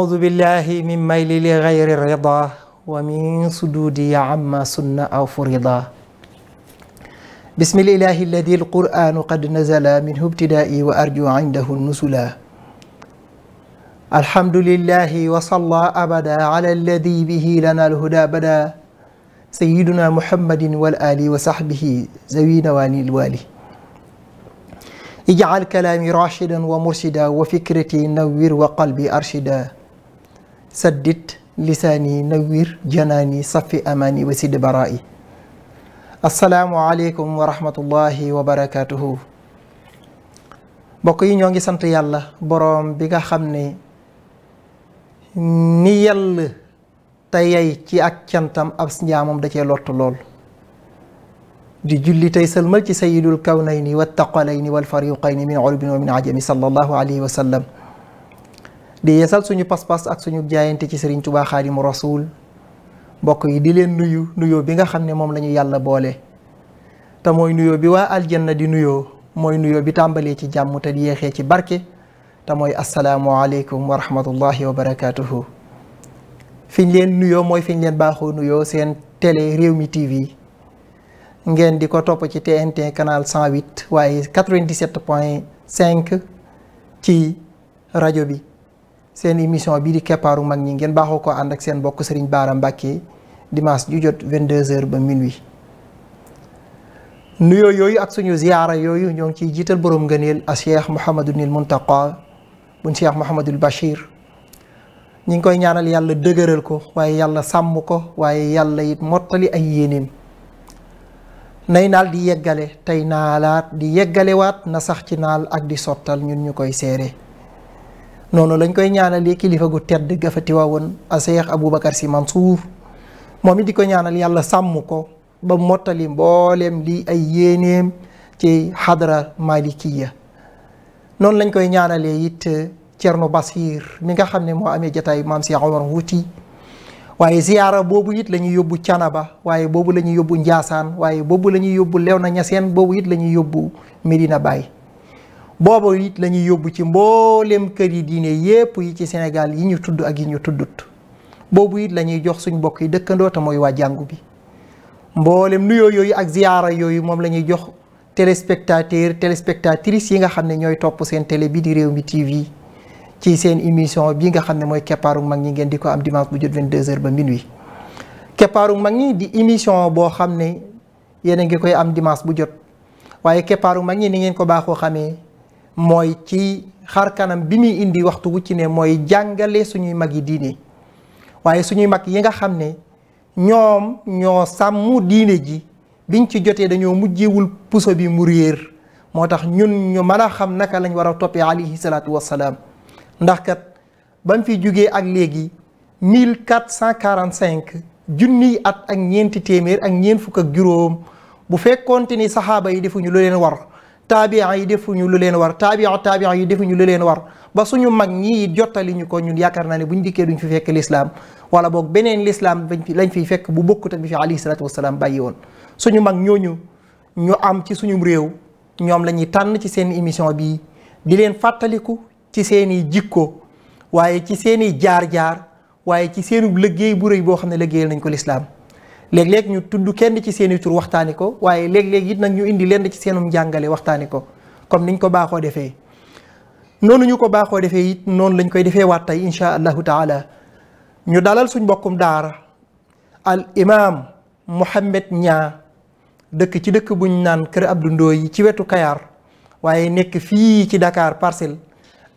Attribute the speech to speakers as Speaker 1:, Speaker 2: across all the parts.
Speaker 1: أعوذ بالله من ميل لغير رضا ومن صدودي عما سن أو فرضا بسم الإله الذي القرآن قد نزل منه ابتدائي وأرجو عنده النزلا الحمد لله وصلى أبدا على الذي به لنا الهدى بدا سيدنا محمد والآل وصحبه ذوي نواني الوالي اجعل كلامي راشدا ومرشدا وفكرتي نوّر وقلبي أرشدا saddit lisaani nawwir janaani safi amaani wasid baraa'i assalaamu aleykum wa rahmatullahi wa barakaatuhu mbokk yi ñoo ngi sant yàlla boroom bi nga xam ne ni yàlla te yay ci ak cantam ab njaamam da cee lott lool di julli tey sëlmal ci sayidul kawnayni wattaqalayni walfariqayni min urabin wa min ajami sallallahu alayhi wa di yeesal suñu pas-pas ak suñu jaayante ci Serigne Touba Xaadimu Rasuul mbokk yi di leen nuyu nuyoo bi nga xam ne moom la yàlla boole te mooy nuyoo bi waa aljanna di nuyoo mooy nuyoo bi tàmbalee ci jàmm te di yeexee ci barke te mooy asalaamualeykum wa rahmatullahi wa barakaatuhu. fiñ leen nuyoo mooy fiñ leen baaxoo nuyoo seen télé réew mi TV ngeen di ko topp ci TNT canal 108 waaye 97 point 5 ci rajo bi. seen émission bii di keppaaru mag ñi ngeen baaxoo ko ànd ak seen bokk Serigne Bara Mbacké dimaas ju jot 22h ba minuit. nuyoo yooyu ak suñu ziyaara yooyu ñoo ngi ciy jiital borom ngëneel a Cheikh Mouhamadunil Muntaqa buñ Cheikh Mouhamadul Bachir ñi ngi koy ñaanal yàlla dëgëral ko waaye yàlla sàmm ko waaye yàlla it mottali ay yéeneem. nay naal di yeggale tey naalaat di yeggalewaat na sax ci naal ak di sottal ñun ñu koy seere noonu lañ koy ñaanalee kilifa gu tedd ga fa Tiwaawoon a Seex Aboubacar Sy Mansour moom it di ko ñaanal yàlla sàmm ko ba mottali mbooleem li ay yéeneem ci xadra malikiya noonu lañ koy ñaanalee it eh, Cerno Basir mi nga xam ne moo amee jataay maam Seex Omar Wuuti waaye ziyaara boobu it lañuy ñuy yóbbu Canaba waaye boobu la ñuy yóbbu Njaasaan waaye boobu la ñuy yóbbu na Ñaseen boobu it la ñuy yóbbu Medina Baye boobu it la ñuy yóbbu ci mbooleem kër yi diine yépp yi ci Sénégal yi ñu tudd ak yi ñu tudd boobu it la ñuy jox suñ mbokk yi dëkkandoo te mooy waa jàngu bi mboolem nuyoo yooyu ak ziyaara yooyu moom la ñuy jox téléspectateur téléspectatrices yi nga xam ne ñooy topp seen télé bi di réew mi TV ci seen émission bi nga xam ne mooy keppaaru mag ñi ngeen di ko am dimanche bu jot 22h ba minuit keppaaru mag ñi di émission boo xam ne yéen a ngi koy am dimanche bu jot waaye keppaaru mag ñi ni ngeen ko baaxoo xamee mooy ci xar kanam bi muy indi waxtu wu ci ne mooy jàngale suñuy mag yi diine waaye suñuy mag yi nga xam ne ñoom ñoo sàmm diine ji biñ ci jotee dañoo mujjewul puso bi mu réer moo tax ñun ñu mën a xam naka lañ war a toppee alayhi salaatu wassalaam ndax kat ba mu fi jógee ak léegi 1445 junniy at ak ñeenti téeméer ak ñeent fukk ak juróom bu fekkoonte ni saxaaba yi defuñu lu leen war taabiya yi defuñu lu leen war taabiya taabiya yi defuñu lu leen war ba suñu mag ñii jottali ñu ko ñun yaakaar naa ne buñ dikkee duñu fi fekk lislaam wala boog beneen lislaam lañ fiy fekk bu bokkut ak bi fi alayhi salaatu wasalaam bàyyi woon suñu mag ñooñu ñu am ci suñu réew ñoom lañuy tànn ci seen émission bii di leen fàttaliku ci seeni jikko waaye ci seeni jaar-jaar waaye ci seenu liggéey bu rëy boo xam ne liggéeyal nañ ko lislaam léeg-léeg ñu tudd kenn ci seen i tur waxtaani ko waaye léeg-léeg it nag ñu indi lenn ci seenum jàngale waxtaani ko comme niñ ko baaxoo defee noonu ñu ko baaxoo defee it noonu lañ koy defee waat tey incha allahu taala ñu dalal suñ mbokkum daara al imam Mouhamed Niang dëkk ci dëkk buñ naan kër Abdou Ndoye ci wetu Kayar waaye nekk fii ci Dakar Parcelles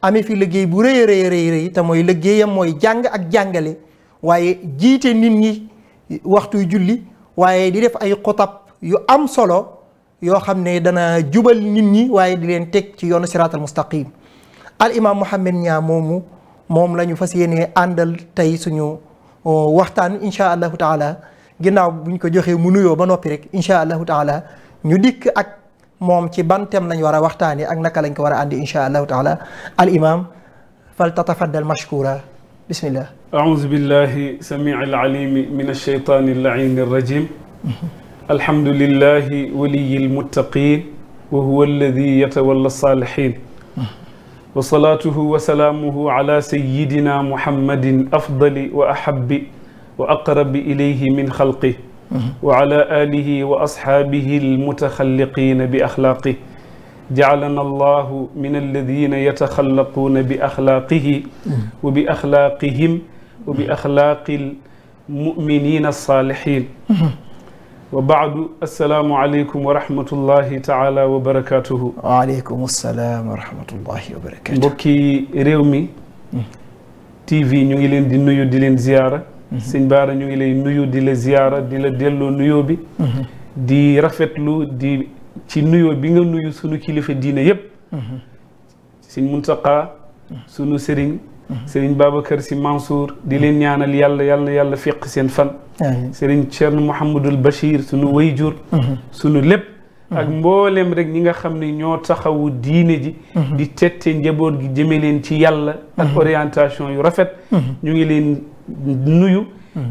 Speaker 1: amee fi liggéey bu rëy a rëy rëy te mooy liggéeyam mooy jàng ak jàngale waaye jiite nit ñi waxtuy julli waaye di def ay xutab yu am solo yoo xam ne dana jubal nit ñi waaye di leen teg ci yoonu siraatal mustaqim al imam Mouhamed Niang moomu moom la ñu fas yéenee àndal tey suñu waxtaan incha allahu taala ginnaaw buñ ko joxee mu nuyoo ba noppi rek incha allahu taala ñu dikk ak moom ci ban thème lañ war a waxtaanee ak naka lañ ko war a àndi incha allahu taala al imam fal tatafaddal mashkura bismillah
Speaker 2: aouzu billahi samii alalimi min alsheytani allain alrajim alhamdulillahi waliyi almuttaqin wa huwa alladi yatawalla alsalihin wa salaatuhu wa salaamuhu ala sayyidina muhammadin afdali wa ahabbi wa aqrabi ilayhi min xalqi wa ala alihi wa ashaabihi almutaxalliqina bi axlaaqi jaclana allahu min alladina yataxalaquuna bi axlaaqihi wa bi axlaaqihim wa bi axlaaqi almuminina alsaalixin wa baado alsalaamu aleykum wa rahmatullahi taala wa
Speaker 1: barakatuhu waaleykum alsalaam wa rahmatullahi wa barakatuhu
Speaker 2: mbokki réew mi tv ñu ngi leen di nuyu di leen ziyaara sëñ baara ñu ngi lay nuyu di la ziyaara di la delloo nuyoo bi mhm. di rafetlu di ci nuyoo bi nga nuyu sunu kilifa diine yépp mhm. sëñ Muntaqa sunu sëriñ mhm. sëriñ kër si Mansour di leen ñaanal yàlla yàlla yàlla fiq seen fan sëriñ Thierno Mouhamadul Bachir sunu wayjur mhm. sunu lépp ak mboolem rek ñi nga xam ni ñoo taxawu diine ji di tette njaboot gi jëme leen ci yàlla ak orientation yu rafet ñu ngi leen nuyu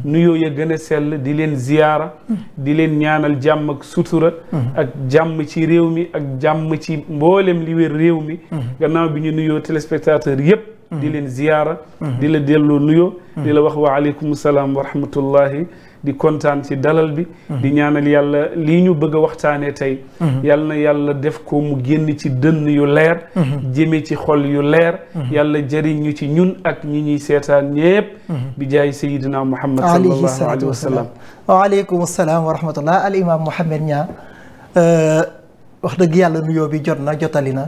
Speaker 2: nuyoo ya gën a sell di leen ziyaara di leen ñaanal jàmm sutura ak jàmm ci réew mi ak jàmm ci mboolem li wér réew mi gannaaw bi ñu nuyoo téléspectateur yépp di leen ziyaara di la delloo nuyoo di la wax wa aleykum salaam wa rahmatullahi di kontaan ci dalal bi mm-hmm. di ñaanal yàlla lii ñu bëgg a waxtaanee tey mm-hmm. yàlla na yàlla def ko mu génn ci dënn yu leer mm-hmm. jëme ci xol yu leer yàlla jëriñ ñu ci ñun ak ñi ñuy seetaan ñépp bi jaay sayidina muhammad sallallahu
Speaker 1: alayhi salaam wa rahmatullah al imam Mouhamed Niang euh, wax dëgg yàlla nuyoo bi jot na jotali na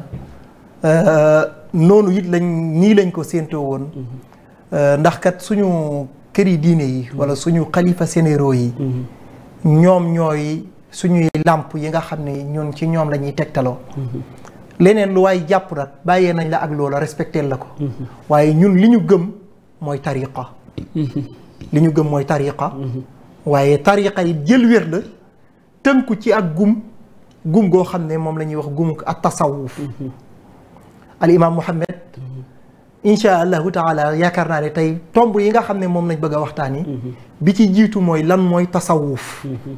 Speaker 1: euh, noonu it lañ nii lañ ko séentoo woon euh, ndax kat suñu këri diine yi wala suñu xalifa sénéro yi ñoom ñooy suñuy làmp yi nga xam ne ñun ci ñoom la ñuy tegtaloo leneen lu waaye jàpp nag bàyyee nañ la ak loola respecté la ko waaye ñun li ñu gëm mooy tariqa li ñu gëm mooy tariqa waaye tariqa yi jël wér la tënku ci ak gum gum goo xam ne moom la ñuy wax gum ak tasawuf al Muhammad incha allahu taala yaakaar naa ne tey tomb yi nga xam ne moom lañ bëgg a waxtaani mhm. bi ci jiitu mooy lan mooy tasawuf mhm.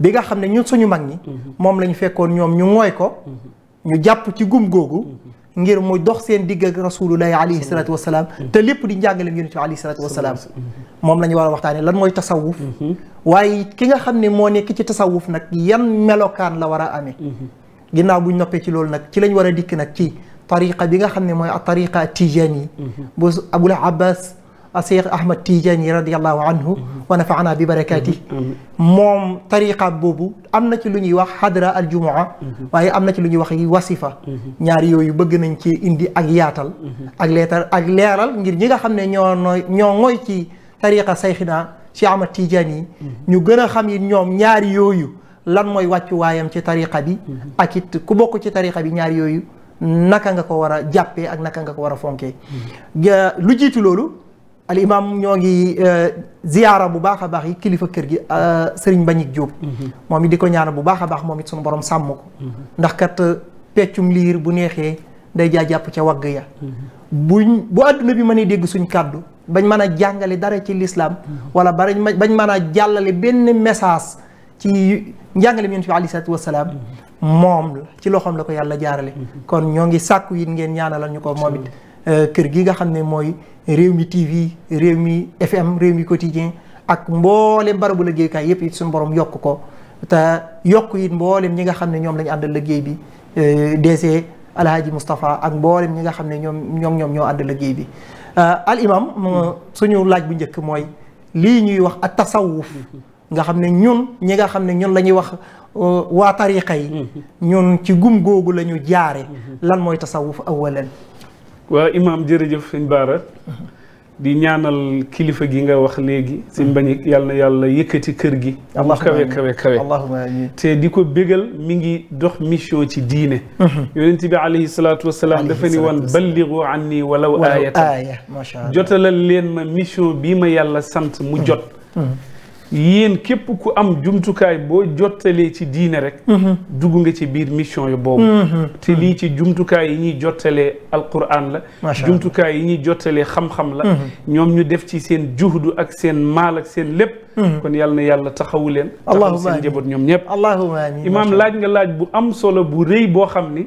Speaker 1: bi nga xam ne ñun suñu mag ñi mhm. moom lañ fekkoon ñoom ñu mooy ko ñu jàpp ci gum googu ngir mu dox seen digg ak rasulullahi alayhi salatu wasalaam te lépp di njàngaleem yonent bi alayhi salatu wasalaam moom la ñu war a waxtaane lan mooy tasawuf waaye ki nga xam ne moo nekk ci tasawuf nag yan melokaan la war a amee ginnaaw buñ noppee ci loolu nag ci lañ war a dikk nag ci tariqa bi nga xam ne mooy a tariqa tijaani bu abul abbas Cheikh Ahmad Tijaani radiallahu anhu wa nafaana bi barakaati moom tariqa boobu am na ci lu ñuy wax xadra al jumaa waaye am na ci lu ñuy wax wasifa ñaar yooyu bëgg nañ ci indi ak yaatal ak leetar ak leeral ngir ñi nga xam ne ñoo nooy ñoo ngooy ci tariqa sayxina Cheikh Ahmad Tijaani ñu gën a xam yi ñoom ñaar yooyu lan mooy wàccu waayam ci tariqa bi ak ku bokk ci tariqa bi ñaar yooyu naka nga ko war a jàppee ak naka nga ko war a fonkee lu jiitu loolu al imam ñoo ngi euh, ziyaara bu baax a baax yi kilifa kër gi euh, sëriñ Mbagnick Diop mhm. moom it di ko ñaanal bu baax a baax moom it sunu borom sàmm ko mhm. ndax kat euh, peccum liir bu neexee day jaa jàpp ca wagg ya mhm. buñ bu àdduna bi mënee dégg suñ kàddu bañ mën a jàngale dara ci lislaam wala barañ bañ mën a jàllale benn message ci njàngale yonent bi aleyhi salaatu wa moom la ci loxoom la ko yàlla jaarale kon ñoo ngi sàkku yit ngeen ñaanalal ñu ko moom it euh, kër gi nga xam ne mooy réew mi TV réew mi FM réew mi quotidien ak mboolem barabu liggéeykaay yépp it suñu borom yokk ko te yokk yit mboolem ñi nga xam ne ñoom la ñu àndal liggéey bi euh, DG Alhaji Moustapha ak mboolem ñi nga xam ne ñoom ñoom ñoom ñoo àndal liggéey bi euh, al imam mm-hmm. suñu laaj bu njëkk mooy lii ñuy wax ak tasawuf nga xam ne ñun ñi nga xam ne ñun la ñuy wax euh, waa tariqa yi mm-hmm. ñun ci gum googu la ñu jaare mm-hmm. lan mooy tasawuf awalan
Speaker 2: waaw imaam jërëjëf sëñ Baara mm-hmm. di ñaanal kilifa gi nga wax léegi sëñ Mbañik yàlla na yàlla yëkkati kër gi mu kawe te di ko bégal mi ngi dox mission ci diine yonent bi alayhi salaatu wasalaam dafa ni woon balligu anni walaw aayatan jotalal leen ma mission bi ma yàlla sant mu jot yéen képp ku am jumtukaay boo jottalee ci diine rek mhm. dugg nga ci biir mission yu boobu mhm. te lii ci jumtukaay yi ñuy jottalee alquran la jumtukaay yi ñuy jottalee xam-xam la mhm. ñoom ñu def ci seen juhdu ak seen maal ak seen lépp kon yàlla na yàlla taxawu leen taxaw seen njaboot ñoom ñëpp allahumma amiin imaam laaj nga laaj bu am solo bu rëy boo xam ni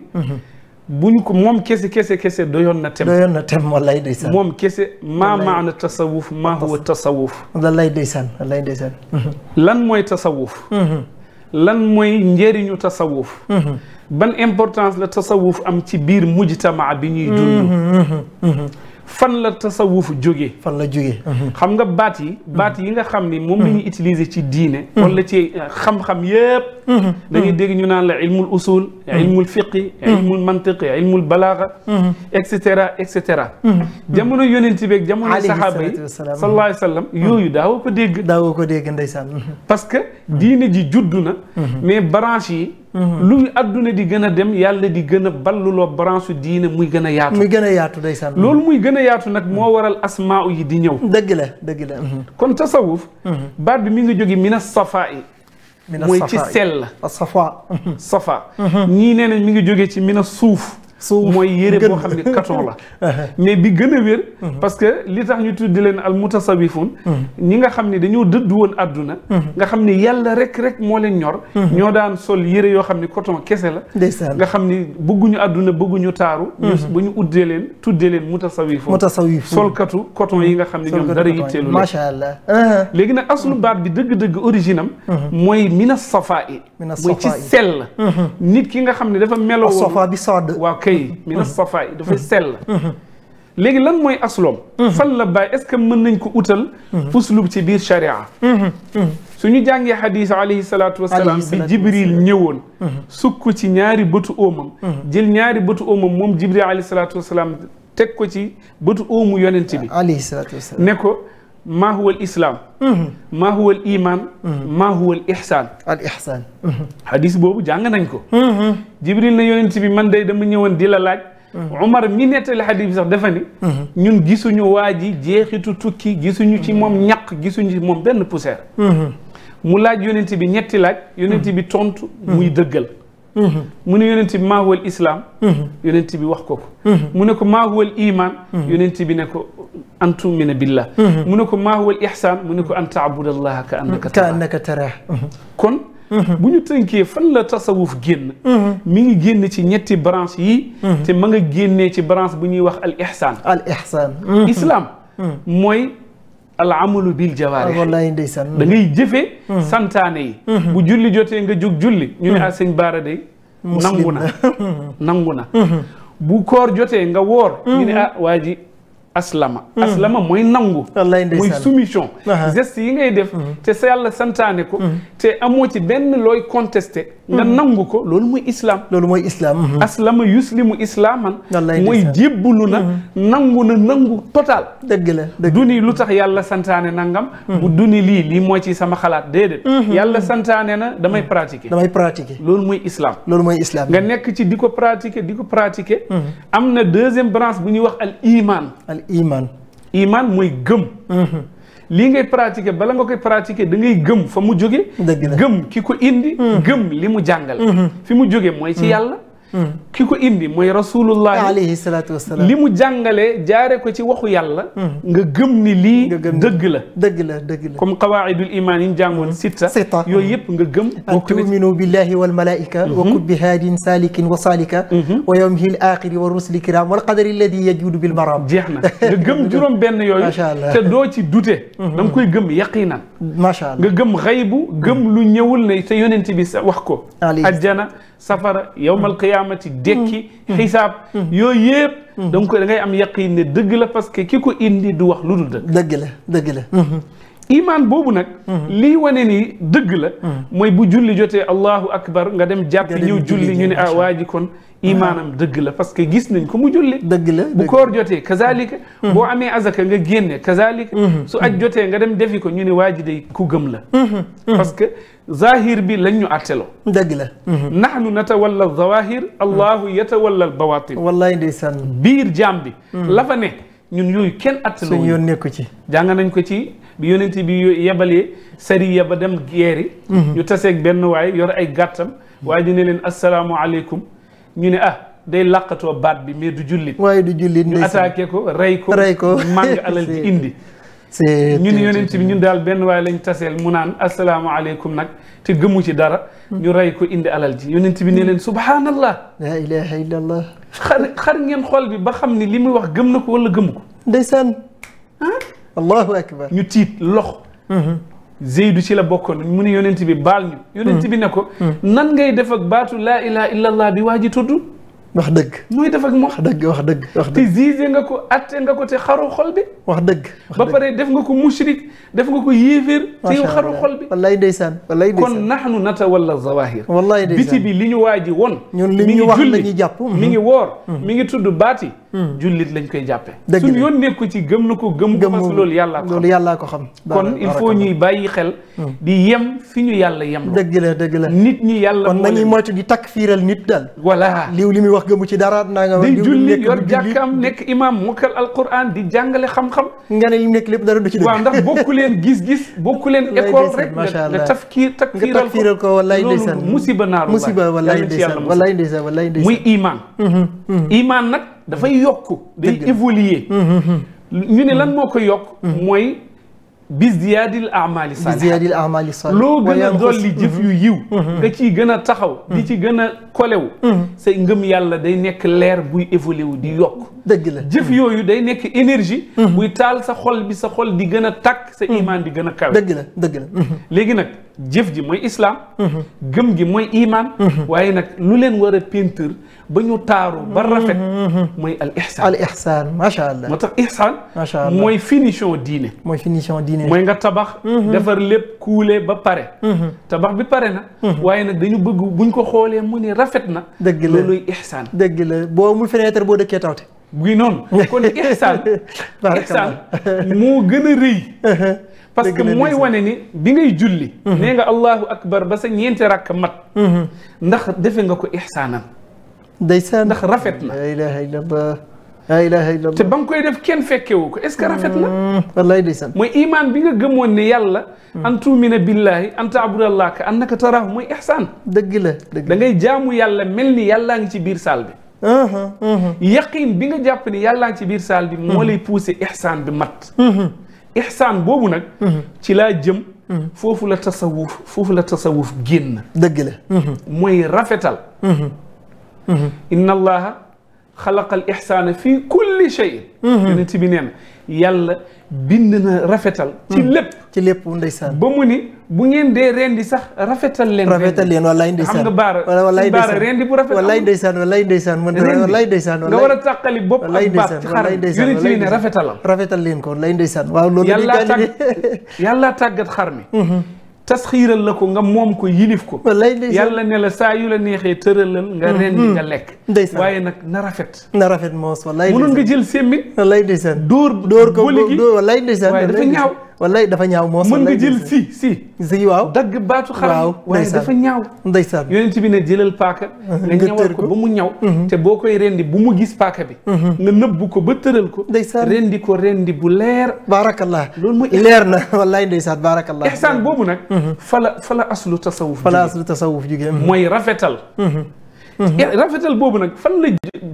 Speaker 2: bu ñu ko moom kese kese kese doyoon na tem. doyoon na tem wallay ndeysaan. moom kese maa maana tasawuf maa huwa tasawuf.
Speaker 1: wallay ndeysaan wallay ndeysaan. Mhm.
Speaker 2: lan mooy tasawuf. Mhm. lan mooy njëriñu tasawuf. Mhm. ban importance la tasawuf am ci biir mujtamaa bi ñuy dund. fan la tasawuf jógee. fan la jógee. Mhm. xam nga baat yi. Mhm. baat yi nga xam ni moom la ñuy mhm. utiliser ci diine. wala ci euh, xam-xam yépp dañuy dégg ñu naan la ilmul usul. ilmul fiqi. ilmul mantiqi ilmul balaaga. et cetera et cetera. jamono yonent bi ak jamono saxaaba yi sallallahu alayhi wa sallam yooyu daawoo
Speaker 1: ko dégg. daawoo ko dégg ndeysaan. parce que
Speaker 2: diine ji juddu na. mais branche yi. Mm-hmm. lu adduna di gën a dem yàlla di gën a balluloo branche diine muy gën a yaatu muy gën a yaatu
Speaker 1: ndeysaan loolu
Speaker 2: muy gën a yaatu nag moo waral asmaa yi di ñëw dëgg
Speaker 1: la dëgg la mm-hmm.
Speaker 2: kon tasawuf mm-hmm. baat bi mi ngi jóge mina safa yi mooy ci sell safa safa ñii nee nañ mi ngi jógee ci mina suuf su mooy yére boo xam ne carton la mais bi gën a wér mhm. parce que li tax ñu tuddi leen al mutasawifun mhm. ñi nga xam ne dañoo dëdd woon àdduna mhm. nga xam ne yàlla rek rek moo leen ñor ñoo daan sol yére yoo xam ne coton kese la nga xam ne bëgguñu àdduna bëgguñu taaru ñu bu ñu uddee leen tuddee leen mutasawifun mutasawifun solkatu coton yi nga xam ne ñoom dara yitteelu macha
Speaker 1: allah uh-huh.
Speaker 2: léegi nag aslu baat bi dëgg-dëgg originam am mooy mina safaa i mina safa mooy mm-hmm. nit ki nga xam ne dafa meloo. safa bi saad waaw kay. Mm-hmm. mina mm-hmm. safa léegi lan mooy asloom. la bàyyi est-ce que mën nañ ko utal. uslub ci biir sharia. suñu jàngee xadis alayhi salaatu wasalaam bi jibril ñëwoon. sukk ci ñaari bëtu oomam. jël ñaari bëtu oomam moom jibril alayhi salaatu wasalaam teg ko ci bëtu oomu yonent bi.
Speaker 1: alayhi salaatu
Speaker 2: ma huwa mm-hmm. mm-hmm. al islam ma huwa al iman ma mm-hmm. huwa al ihsan al boobu jàng nañ ko jibril na yonent bi man day dama ñëwoon di la laaj Umar mi nettali hadis bi sax dafa ñun gisuñu waa ji jeexitu tukki gisuñu ci moom ñaq gisuñu ci moom benn poussière mu laaj yonent bi ñetti laaj yonent bi tontu muy dëggal mu ne yonent bi maa huwal islam. Mm-hmm. yonent bi wax ko mm-hmm. mu ne ko maa huwal iman. Mm-hmm. yonent bi ne ko an tu'mina billah. mu ne ko maa huwal ihsan mu ne ko an taabudallaha ka annaka
Speaker 1: tara ka annaka tara
Speaker 2: kon. bu ñu tënkee fan la tasawuf génn. mi ngi génn ci ñetti branche yi. te ma nga génnee ci branche bu ñuy wax al ihsan. al al amalu bil jawaarih ah,
Speaker 1: wallaay ndeysaan da ngay
Speaker 2: mm-hmm. jëfe mm-hmm. santaane yi mm-hmm. bu julli jotee nga jóg julli ñu ne ah sëñ Baara de nangu na nangu na bu koor jotee nga woor ñu ne ah waa aslama hmm. aslama mooy nangu mooy soumission geste yi ngay def hmm. te sa yàlla santaane ko hmm. te amoo ci benn looy contesté nga nangu ko loolu mooy islaam loolu mooy islam aslama yuslimu islaaman mooy jébbulu na nangu na nangu total dëgg la du ni lu tax yàlla santaane nangam bu du lii lii moo ci sama xalaat déedéet yàlla santaane na damay pratiquer damay pratiquer loolu mooy islam
Speaker 1: loolu mooy islam
Speaker 2: nga nekk ci di ko pratiquer di ko pratiquer am na deuxième branche bu ñu wax al iman al iman iman mooy gëm mhm. lii ngay pratiquer bala nga koy pratiquer da ngay gëm fa mu jóge gëm ki ko indi mhm. gëm li mu jàngal mhm. fi mu jóge mooy ci yàlla Hmm. ki ko indi mooy rasulullah alayhi
Speaker 1: salaatu wasalaam
Speaker 2: li mu jàngale jaare ko ci waxu yàlla hmm. nga gëm ni lii dëgg la dëgg la dëgg la comme qawaidul iman yi ñu jàngoon hmm. sitta sitta
Speaker 1: yooyu yëpp nga gëm an tuminu billahi wal malaika wa kubbi haadin salikin wa salika wa yawmihi l axiri wa rusuli kiram wal qadari alladi yajudu bil maram jeex na nga gëm juróom benn
Speaker 2: yooyu macha allah te doo ci dute da nga koy gëm yaqinan
Speaker 1: macha allah nga gëm
Speaker 2: xaybu gëm lu ñëwul ne te yonent bi wax ko ajjana safara yawmal qiyaama qiyaamati dekki mm. Mm. xisaab mm. yooyu yëpp donc da ngay am yaqiin ne dëgg la parce que ki ko indi du wax lu dul dëgg dëgg la dëgg la mm-hmm. imaan boobu nag. Mhm. lii wane ni dëgg la. Mhm. mooy bu julli jotee allahu akbar nga dem jàpp ñëw julli ñu ne ah, a waa ji kon mhm. imaanam dëgg la parce que gis nañ ko mu julli. dëgg la bu koor jotee kazalika. boo amee azaka nga génne kazalika. su aj jotee nga dem defi ko ñu ne waa ji day ku gëm la. parce que zahir bi lañ ñu atteloo. dëgg la. nahnu natawalla zawahir. allahu yatawalla albawatin. wallaay ndeysaan. biir jaam bi. la fa ne ñun yooyu kenn atteloo. suñu yoon nekku ci. jàng nañ ko ci. bi yonent bi yebalee sariya ba dem geeri mhm. ñu taseeg benn waay yor ay gàttam waaye ñu ne leen asalaamualeykum ñu ne a day làqatoo baat bi mais du jullit waaye du jullit ñu attaqué ko rey ko rey ko màng alal ci indi ñun yonent bi ñun daal benn waaye lañ taseel mu naan asalaamaaleykum nag te gëmu ci dara hmm. ñu rey ko indi alal ji yonent bi ne hmm. leen subhanallah
Speaker 1: la ilaha illallah
Speaker 2: xar xar ngeen xool bi ba xam ni li muy wax gëm na ko wala gëmu ko allahu akbar ñu tiit lox mhm. Zeydu ci la bokkoon mu ne yonent bi baal ñu mhm. yonent bi na ko mhm. nan ngay def ak baatu laa ilaha illa allah bi waa ji tudd wax dëgg mooy def ak wax dëgg wax dëgg wax dëgg te nga ko atte nga ko te xaru xol bi wax dëgg ba pare def nga ko mushrik def nga ko yéeféer te yow xaru xol
Speaker 1: bi wallaay ndeysaan
Speaker 2: wallaay ndeysaan kon naxnu natawalla zawahir wallaay ndeysaan biti bi li ñu waa ji won ñun li ñu wax la jàpp mi ngi woor mi ngi tudd baati Hmm. jullit lañ koy jàppee. dëgg suñu yoon nekku ci gëm na ko gëm ko parce que loolu yàllaa ko xam loolu yàllaa ko xam. kon il faut ñuy bàyyi xel. Hmm. di yem fi ñu yàlla yem. dëgg la dëgg la nit ñi yàlla. kon nañuy moytu di takfiiral nit daal. voilà liw li muy wax gëmu ci dara naa nga. di julli yor jàkkaam nekk imaam mokkal alquran di jàngale xam-xam. nga ne li mu nekk lépp dara du ci dëgg. waaw ndax bokku leen gis-gis. bokku leen école rek nga tafkiir takfiiral ko wallaay ndeysaan musiba naaru musiba wallaay ndeysaan wallaay ndeysaan wallaay ndeysaan muy imaan
Speaker 1: mm-hmm, mm-hmm.
Speaker 2: imaan nag dafay yokk day évoluer ñu ne lan moo ko yokk mooy bis diyaadil amali saliha
Speaker 1: loo gën a dolli jëf
Speaker 2: yu yiw da ciy gën a taxaw di ci gën a kolewu say ngëm yàlla day nekk leer buy évolué wu di yokk dëgg la jëf yooyu day nekk énergie buy taal sa xol bi sa xol di gën a takk sa iman di gën a kawe dëgg dëgg léegi nag jëf ji mooy islam gëm gi mooy iman waaye nag lu leen war a peinture ba ñu taaru ba rafet. Mm-hmm. mooy al ihsaan al ihsaan moo tax ihsaan.
Speaker 1: macha allah mooy
Speaker 2: finition diine. mooy finition diine mooy nga tabax. Mm-hmm. defar lépp kuule ba pare. Mm-hmm. tabax bi pare na. waaye nag dañu bëgg buñ ko xoolee mu ne rafet na. dëgg la looluy ihsaan.
Speaker 1: dëgg la boo amul fenêtre boo dëkkee tawte. bu noonu kon ihsaan. ihsaan moo gën a rëy. Uh-huh. parce que mooy wane ni bi ngay julli. nee
Speaker 2: nga allahu akbar ba sa ñeenti rakk mat. ndax defe nga ko ihsaanan.
Speaker 1: ndeysaan ndax rafet na. la ilaha illallah la ilaha illallah te ba nga
Speaker 2: koy def kenn fekkewu ko est ce que rafet na. Mm. wallaay ndeysaan mooy imaan bi nga gëmoon ne yàlla. Mm. an tuumina billahi an taabudallah ka annaka taraahu mooy ihsaan. dëgg la dëgg da ngay jaamu yàlla mel ni yàllaa ngi ci biir saal bi.
Speaker 3: Uh-huh, uh-huh.
Speaker 2: yaqin bi nga jàpp ni yàlla ngi ci biir saal bi. Mm-hmm. moo lay poussé ihsaan bi mat. Mm-hmm. ihsaan boobu nag. Mm-hmm. ci laa jëm. foofu la tasawuf foofu la tasawuf génn. dëgg la. mooy rafetal. Mm-hmm. inna allaha xalaqal ihsaana fii kulli shay. Mm-hmm. yonent bi nee na yàlla bind na rafetal. ci mm-hmm. lépp ci lépp ndeysaan. ba mu ni bu ngeen dee rendi sax
Speaker 1: rafetal leen. rafetal leen wallaay ndeysaan xam nga baara. wallaay ndeysaan baara rendi bu rafet wallaay ndeysaan wallaay ndeysaan man wallaay ndeysaan nga war a tàqali bopp ak baat ci xar yonent bi ne rafetalal. rafetal leen ko wallaay ndeysaan waaw loolu. yàllaa tàggat
Speaker 2: yàllaa tàggat xar mi. tasxiiral la ko nga moom ko yilif
Speaker 1: ko yàlla ne la
Speaker 2: saa yu la neexee tëralal nga ren di mm-hmm. nga lekk
Speaker 1: waaye nag na rafet na rafet moos wallaay mënoon nga jël sémmit wallaay ndeysaan dóor dóor ko boli gi wallaay ndeysaan waaye dafa ñaaw wallaay dafa ñaaw moo mën nga jël si si si waaw dagg baatu xar waaw dafa
Speaker 2: ñaaw ndeysaan yonent bi ne jëlal paaka nga ñawal ko ba mu ñaw mhm. te boo koy rendi bu mu gis paaka bi mhm. nga bu ko ba tëral ko ndeysaan rendi ko rendi bu leer baarakallah loolu mooy leer na wallaay ndeysaan baarakallah ihsaan boobu nag mhm. fala fala aslu tasawuf fala aslu tasawuf jóge mooy rafetal Mm-hmm. Eh, rafetal boobu nag fan la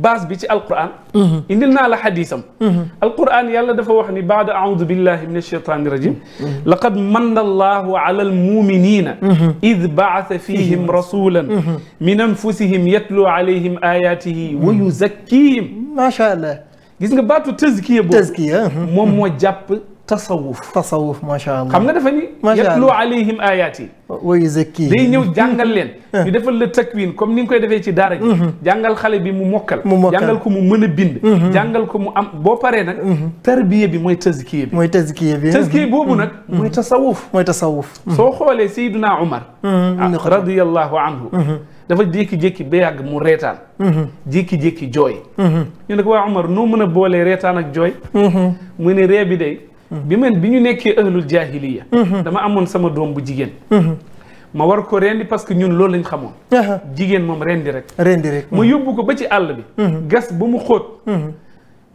Speaker 2: base bi ci alquran mm-hmm. indil naa la xadisam mm-hmm. alquran yàlla dafa wax ni baada audu billahi min alshaytani irajim laqad manna allahu ala almuminina id baasa fihim rasulan min anfusihim yatlu alayhim ayatihi wa yuzakkihim macha allah gis nga baatu tazkiya boobu tazkiya moom moo
Speaker 1: jàpp tasawuf tasawuf macha allah xam nga dafa ni yatlu
Speaker 2: alayhim ayaati wa yuzakki day ñëw jàngal leen eh. ñu defal la takwin comme ni nga koy defee ci daara ji mm-hmm. jàngal xale bi mu mokkal jàngal ko mu mën a bind mm-hmm. jàngal ko mu am boo paree nag mm-hmm. tarbiya bi mooy tazkiya
Speaker 1: bi mooy tazkiya bi tazkiya boobu nag mooy tasawuf mooy tasawuf
Speaker 2: soo xoolee sayyiduna Umar
Speaker 1: ah,
Speaker 2: radiyallahu anhu dafa jékki-jékki ba yàgg mu reetaan jékki-jékki jooy ñu ne ko waa Umar noo mën a boolee reetaan mu ne ree day bi man bi ñu nekkee ahlul jaahiliya mhm. dama amoon sama doom bu jigéen mhm. ma war ko rendi parce que ñun loolu lañ xamoon jigéen moom rendi rek rendi rek ma mhm. yóbbu ko ba ci àll bi gas ba mu xóot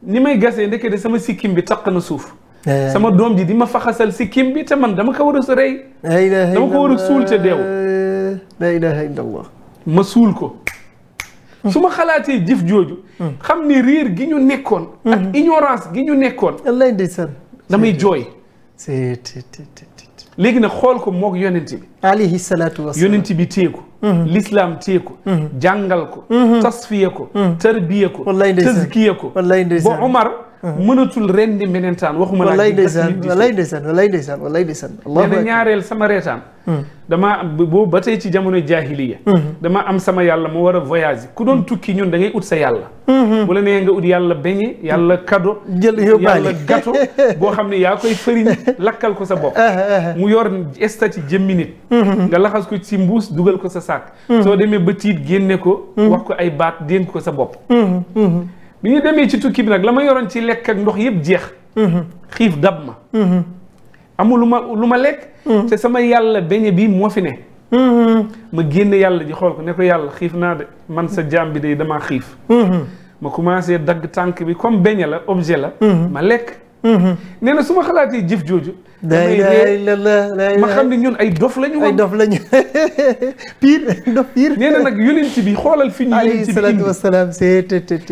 Speaker 2: ni may gasee ndekete sama sikkim bi taq na suuf eh. sama doom ji di ma faxasal sikkim bi te man dama ko war a rey dama ko war a suul te deew la ilaha illallah ma suul ko su ma xalaatee jëf jooju xam ni riir gi ñu nekkoon ak ignorance gi ñu nekkoon wallaay ndeysaan damay jooy. léegi nag xool ko moog yonent bi. alayhi salaatu wa salaam yonent bi téeku. Mm-hmm. lislaam téeku. Mm-hmm. jàngal ko. Mm-hmm. tasfiya ko. tarbiya ko. wallaay ndeysaan tazkiya ko ba Omar. Uh-huh. mënatul ren di melentaan waxuma laa. walaay ndeysaan walaay
Speaker 1: ndeysaan walaay ndeysaan walaay ndeysaan. nee na
Speaker 2: ñaareel sama reetaan. Hmm. dama boobu ba tey ci jamono jaahiliya. Hmm. dama am sama yàlla mu war a voyage ku doon hmm. tukki ñun da ngay ut sa yàlla. bu la nee nga ut yàlla beñe yàlla kado. jël yóbbaale yàlla gato boo xam ne yaa koy fëriñ lakkal ko sa bopp. Uh-huh, uh-huh. mu yor estati jëmmi nit. nga laxas ko ci mbuus dugal ko sa saak. soo demee ba tiit génne ko. wax ko ay baat dénk ko sa bopp. bi ñu demee ci tukki bi nag la ma yoroon ci lekk ak ndox yëpp jeex. Mhm. xiif dab ma. Mhm. amul lu ma lu ma lekk. Mhm. te sama yàlla beñe bi moo fi ne. ma génn yàlla ji xool ko ne ko yàlla xiif naa de man sa jaam bi day damaa xiif. ma commencé dagg tànk bi comme beñe la objet la. ma lekk. Mm-hmm. nee na su ma xalaatee jooju. day
Speaker 1: day ma xam
Speaker 2: ne ñun ay dof lañu woon ay dof lañu pire dof pire. nee na nag yonent bi xoolal fi ñu. yonent bi indi alayhi salaatu wasalaam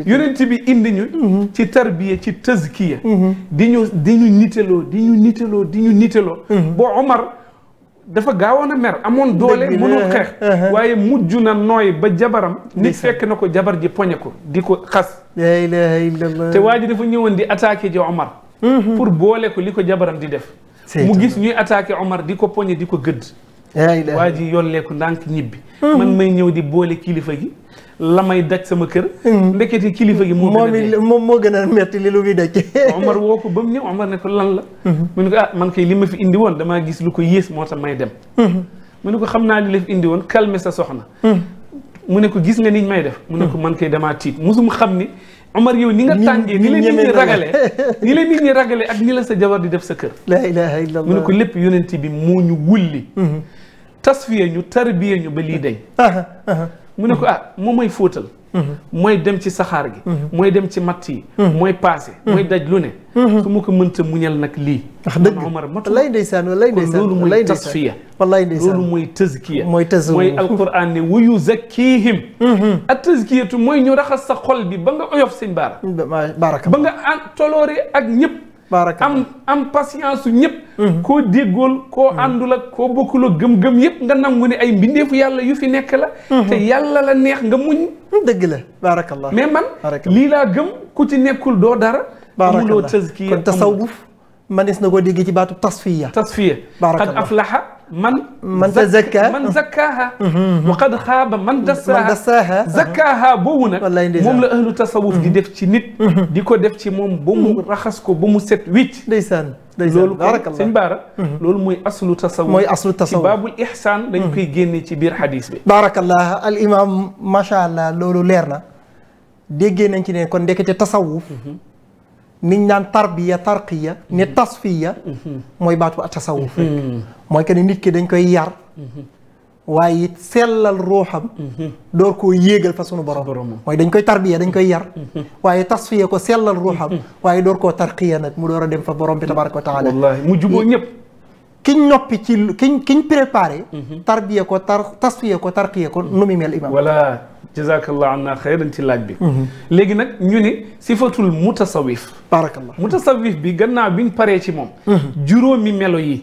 Speaker 2: yonent bi indi ñu. Mm-hmm. ci tarbiya ci tazkiya. Mm-hmm. di ñu di ñu di ñu niteloo di ñu niteloo. boo Omar. dafa gaawoon a mer amoon doole mënul xeex uh-huh. waaye mujj na nooy ba jabaram nit fekk na ko jabar ji poñe ko di ko xas
Speaker 1: la ilaha illallah te waa
Speaker 2: dafa ñëwoon di attaqué ji Omar Mm-hmm. pour boole ko li ko jabaram di def. mu gis ñuy attaqué Omar di ko poñe di ko gëdd. waa ji yolleeku ndànk ñibbi. Mm-hmm. man may ñëw di boole kilifa gi. la may daj sama kër. Mm-hmm. ndekete kilifa gi. moo gën
Speaker 1: moom moo gën a metti li lu muy daj. Omar woo ko ba ñëw Omar ne ko
Speaker 2: lan la. mu ne ko ah man kay li ma fi indi woon damaa gis lu ko yées moo tax may dem.
Speaker 1: mu
Speaker 2: ne ko xam naa li la fi indi woon calmer sa soxna. mu ne ko gis nga niñ may def. mu ne ko man kay damaa tiit musum xam ni. Omar yow ni nga tàngee ni la nit ñi ragale ni la nit ñi ragale ak ni la sa jabar di def sa kër la ilaha illallah mu ne ko lépp bi moo ñu wulli mhm. tasfiye ñu tarbiye ñu ba lii dañ mu ne ko ah moom mooy fóotal Mm-hmm. mooy dem ci saxaar gi mm-hmm. mooy dem ci matt yi mm-hmm. mooy paase mooy daj lu ne su ma ko mënta muñal nag lii wax dëgg Omar matu lay ndeysaan lay ndeysaan loolu mooy tasfiya wallaay ndeysaan loolu mooy tazkiya mooy taz mooy alquran ne wuyu zakkihim ak tazkiyatu mooy ñu raxas sa xol bi ba nga oyof seen baara ba nga toloore ak ñëpp am am patience su ñëpp. Mhm. koo déggool ko mhm. àndul ak koo bokkul gëm-gëm yëpp nga nangu ne ay mbindeefu yàlla yu fi nekk la. Mhm. te yàlla la neex nga muñ. Hmm, dëgg la baarakallah mais man. lii laa gëm ku ci nekkul doo dara. baarakallah amuloo tazkiya kon tasawuf manees na ko dégg ci baatu tasfiya. tasfiya qad aflaha man. man tazakka man zakkaaha. Mhm, mhm. wa qad xaaba man dassaaha. zakkaaha boobu nag. moom la ahlu tasawuf di mhm. def ci nit. di ko def ci moom ba mu raxas ko ba mu set wicc. ndeysaan ndeysaan barakallah loolu sëñ Baara. loolu mooy aslu tasawuf. mooy aslu tasawuf ci baabul ihsaan. dañ koy génnee ci biir hadis bi.
Speaker 1: barakallah al imaam macha allah loolu leer na déggee nañ ci ne kon ndekete tasawuf. niñ naan tarbiya tarqiya mhm. ni tasfiya mhm. mooy baatu atasawuf rek mhm. mooy que ni nit ki dañ koy yar waaye it sellal ruuxam door koo yéegal fa sunu borom mooy dañ koy tarbiya dañ koy yar waaye tasfiya ko sellal ruuxam waaye door koo tarqiya nag mu door a dem fa borom bi tabaraka wa taala mu juboo ñëpp kiñ noppi ci kiñ kiñ préparé. Mhm. tarbiye ko tar tasfiye ko tarqiye ko nu mu mel imaam. voilà
Speaker 2: jazakallah anna xayran ci laaj bi. Mhm. léegi nag ñu ne sifatul mutasawif. barakallah mutasawif bi gannaaw biñ paree ci moom. Mhm. juróomi melo yi.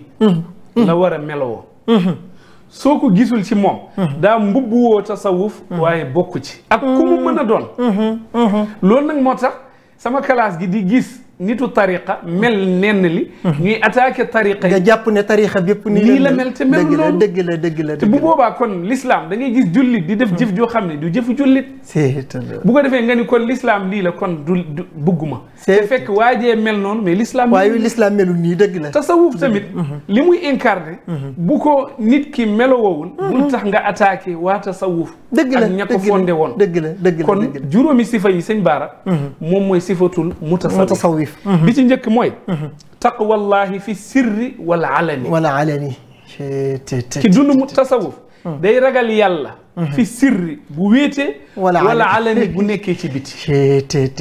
Speaker 2: la war a melowoo. soo ko gisul ci moom. daa mbubbu woo tasawuf. waaye bokku ci. ak ku mu mën a doon. loolu nag moo tax sama classe gi di gis. nitu tariqa mel nenn
Speaker 1: li. Mhm. ñuy attaqué tariqa nga jàpp ne tariqa ni nii la mel te mel noonu dëgg la dëgg la te
Speaker 2: bu boobaa kon l'islam da ngay gis jullit di def mhm. jëf joo xam ne du jëfu jullit. bu ko defee nga ni kon l'islam lii la kon du du bugguma. te fekk waajee mel noonu mais l'islam. waaye l'islam melul nii dëgg la. tasawuf tamit. Mhm. li muy inkar bu ko nit ki melowowul. bul tax nga attaqué waa tasawuf. dëgg la ak ña ko woon. dëgg la dëgg la kon juróomi sifa yi sëñ Baara. moom mooy sifatul mutasawwif tasawuf bi ci njëkk mooy taqwallahi fi sirri wala alani
Speaker 1: wala alani ki dund
Speaker 2: mu tasawuf day ragal yàlla fi sirri bu wéetee wala alani bu nekkee ci biti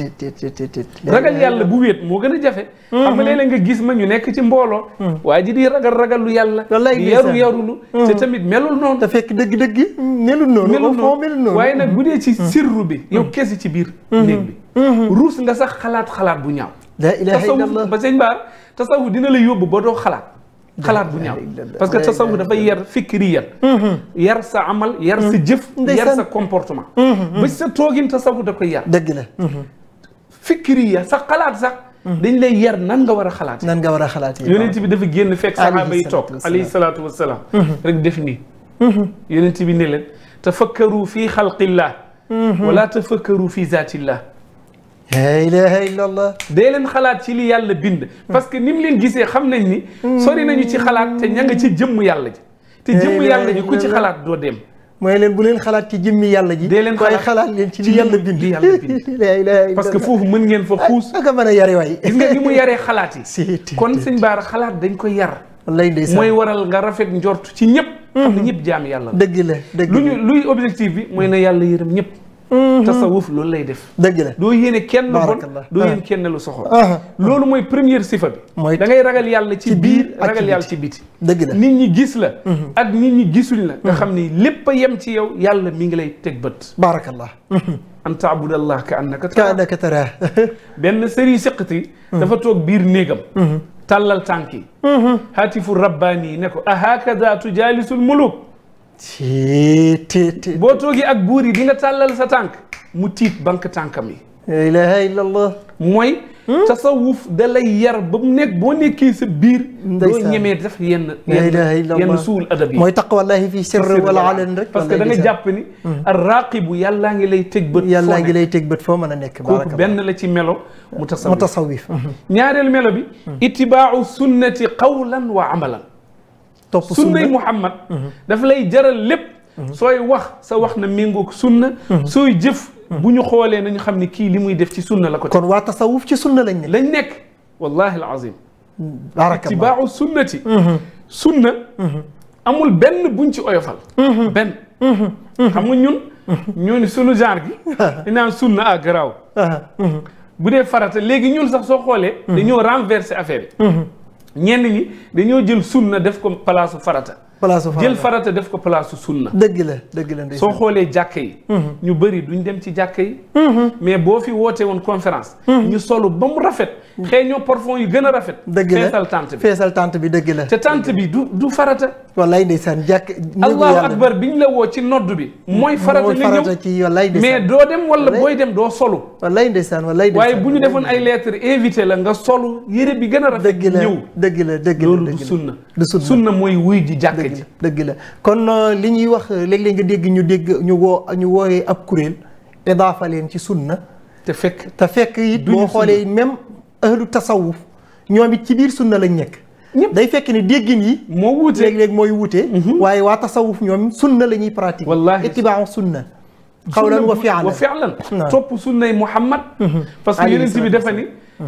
Speaker 2: ragal yàlla bu wéet moo gën a jafe xam nga mhm. nga gis ma ñu nekk ci mbooloo mhm. waa ji di ragal ragalu yàlla yaru yarulu mhm. te tamit melul noon te fekk dëgg-dëgg melul noonu melul noonu waaye nag bu dee ci sirru bi yow kesi ci biir néeg ruus nga sax xalaat xalaat bu ñaaw la ilaha ba sëñ dina la yóbbu ba doo xalaat xalaat bu ñaaw parce que tasawuf dafay yar fikri yar mm-hmm. yar sa amal yar sa mm-hmm. jëf yar sa comportement mm-hmm. ba sa toogin tasawuf da koy yar dëgg la fikri ya sa xalaat sax dañ lay yar nan nga war a xalaat nan nga war
Speaker 1: a xalaat yonent bi dafa
Speaker 2: génn fekk saxaaba yi toog alayhi salaatu wassalaam rek def nii yonent bi ne leen tafakkaru fi xalqillah wala tafakkaru fi zaatillah la ilaha illallah dee leen xalaat ci li yàlla bind parce que ni leen gisee xam nañ ni sori nañu ci xalaat te ña nga ci jëmm yàlla ji te jëmm yàlla ji ku ci xalaat
Speaker 1: doo dem mooy leen bu leen xalaat ci jëmmi yàlla ji dee leen waaye xalaat leen ci li yàlla yàlla parce que foofu mën ngeen fa ah, xuus aka mën a yare waay gis nga ni mu yaree xalaat yi kon sëñ
Speaker 2: Baara xalaat dañ koy yar lay ndeysaan mooy waral nga rafet njort ci ñëpp xam mm-hmm. ñëpp jaam yàlla dëgg la dëgg luñu luy objectif bi mooy na yàlla yërëm ñëpp Mhm. tasawuf loolu lay def. dëgg la doo yéene kenn bon doo yéene ah. kenn lu soxor. Ah. loolu mooy première sifa bi. mooy da ngay ragal yàlla ci biir ragal yàlla ci biti. dëgg la nit ñi gis la. Mhm. ak nit ñi gisuñ nga mhm. xam ni lépp a yem ci yow yàlla mi ngi lay teg bët. baarakallah. an taabudallah ka
Speaker 1: annaka tara ka annaka tara
Speaker 2: benn sëriñ siqati. dafa toog biir néegam. tàllal tànk yi. hatifu rabbaani ne ko a hakada tujaalisul muluk boo toogee ak buur yi di nga sa tànk mu tiit banque tànkam yi. la ilaha illallah mooy. Hmm? tasawuf da lay yar ba mu nekk boo nekkee sa biir. doo ñemee def yenn. yenn yenn suul adab yi. mooy taqwallahi fi sirri wal alan rek. parce que da jàpp ni. Hmm. arraqibu yàllaa ngi lay teg bët. yàllaa ngi lay teg bët foo mën a nekk. kooku benn la ci melo. Hmm. mutasawif mutasawif. ñaareel melo bi. ittibaau sunnati qawlan wa amalan. topp sunnay Muhammad mhm. daf lay jaral lépp mhm. sooy wax sa wax na méngoog sunna mhm. sooy jëf bu ñu xoolee nañu xam ne kii li muy def ci sunna la ko kon waa tasawuf ci sunna lañ nekk lañ nekk wallahi alazim baraka itibaaru sunnati sunna amul benn buñ ci oyofal benn xam nga ñun ñoo ni sunu genre gi dinaan sunna à garaaw bu dee farata léegi ñun sax soo xoolee dañoo renverser affaire yi ñenn ñi dañoo jël sunna def ko palaasu farata. palaasu farata jël farata def ko palaasu sunna. dëgg la dëgg la soo xoolee jàkk yi. Mm-hmm. ñu bëri duñ dem ci jàkk yi. Mm-hmm. mais boo fi wootee woon conférence. Mm-hmm. ñu solu ba mu rafet. xëy mm. ñoo parfum yu gën a rafet. dëgg
Speaker 1: la feesal tànt bi dëgg la. te tante bi du du farata. wallaay ndeysaan jàkk. allahu
Speaker 2: akbar biñ la woo ci nodd bi. Mm, mooy farata
Speaker 1: ci wallaay ndeysaan mais doo dem wala booy
Speaker 2: dem doo solu.
Speaker 1: wallaay ndeysaan wallaay waaye bu
Speaker 2: ñu defoon ay lettres invité la nga solu yére bi gën a rafet. dëgg la
Speaker 1: dëgg la dëgg la loolu du sunna. du sunna mooy wuy ji jàkk ji. dëgg la kon euh, li ñuy wax euh, léeg-léeg nga dégg ñu dégg ñu woo ñu woowee ab kuréel idaafa leen ci sunna te fekk te fekk it boo xoolee même ahlu tasawuf ñoom it ci biir sunna lañ nekk day fekk ni déggin yi moo wuute léeg-léeg mooy wuute mhm. waaye waa tasawuf ñoom sunna la ñuy pratique wallaahi itibaa sunna xawlan wa fi'lan wa fi'lan topp sunnay
Speaker 2: Muhammad
Speaker 3: mhm. parce que yonent bi
Speaker 2: dafa ni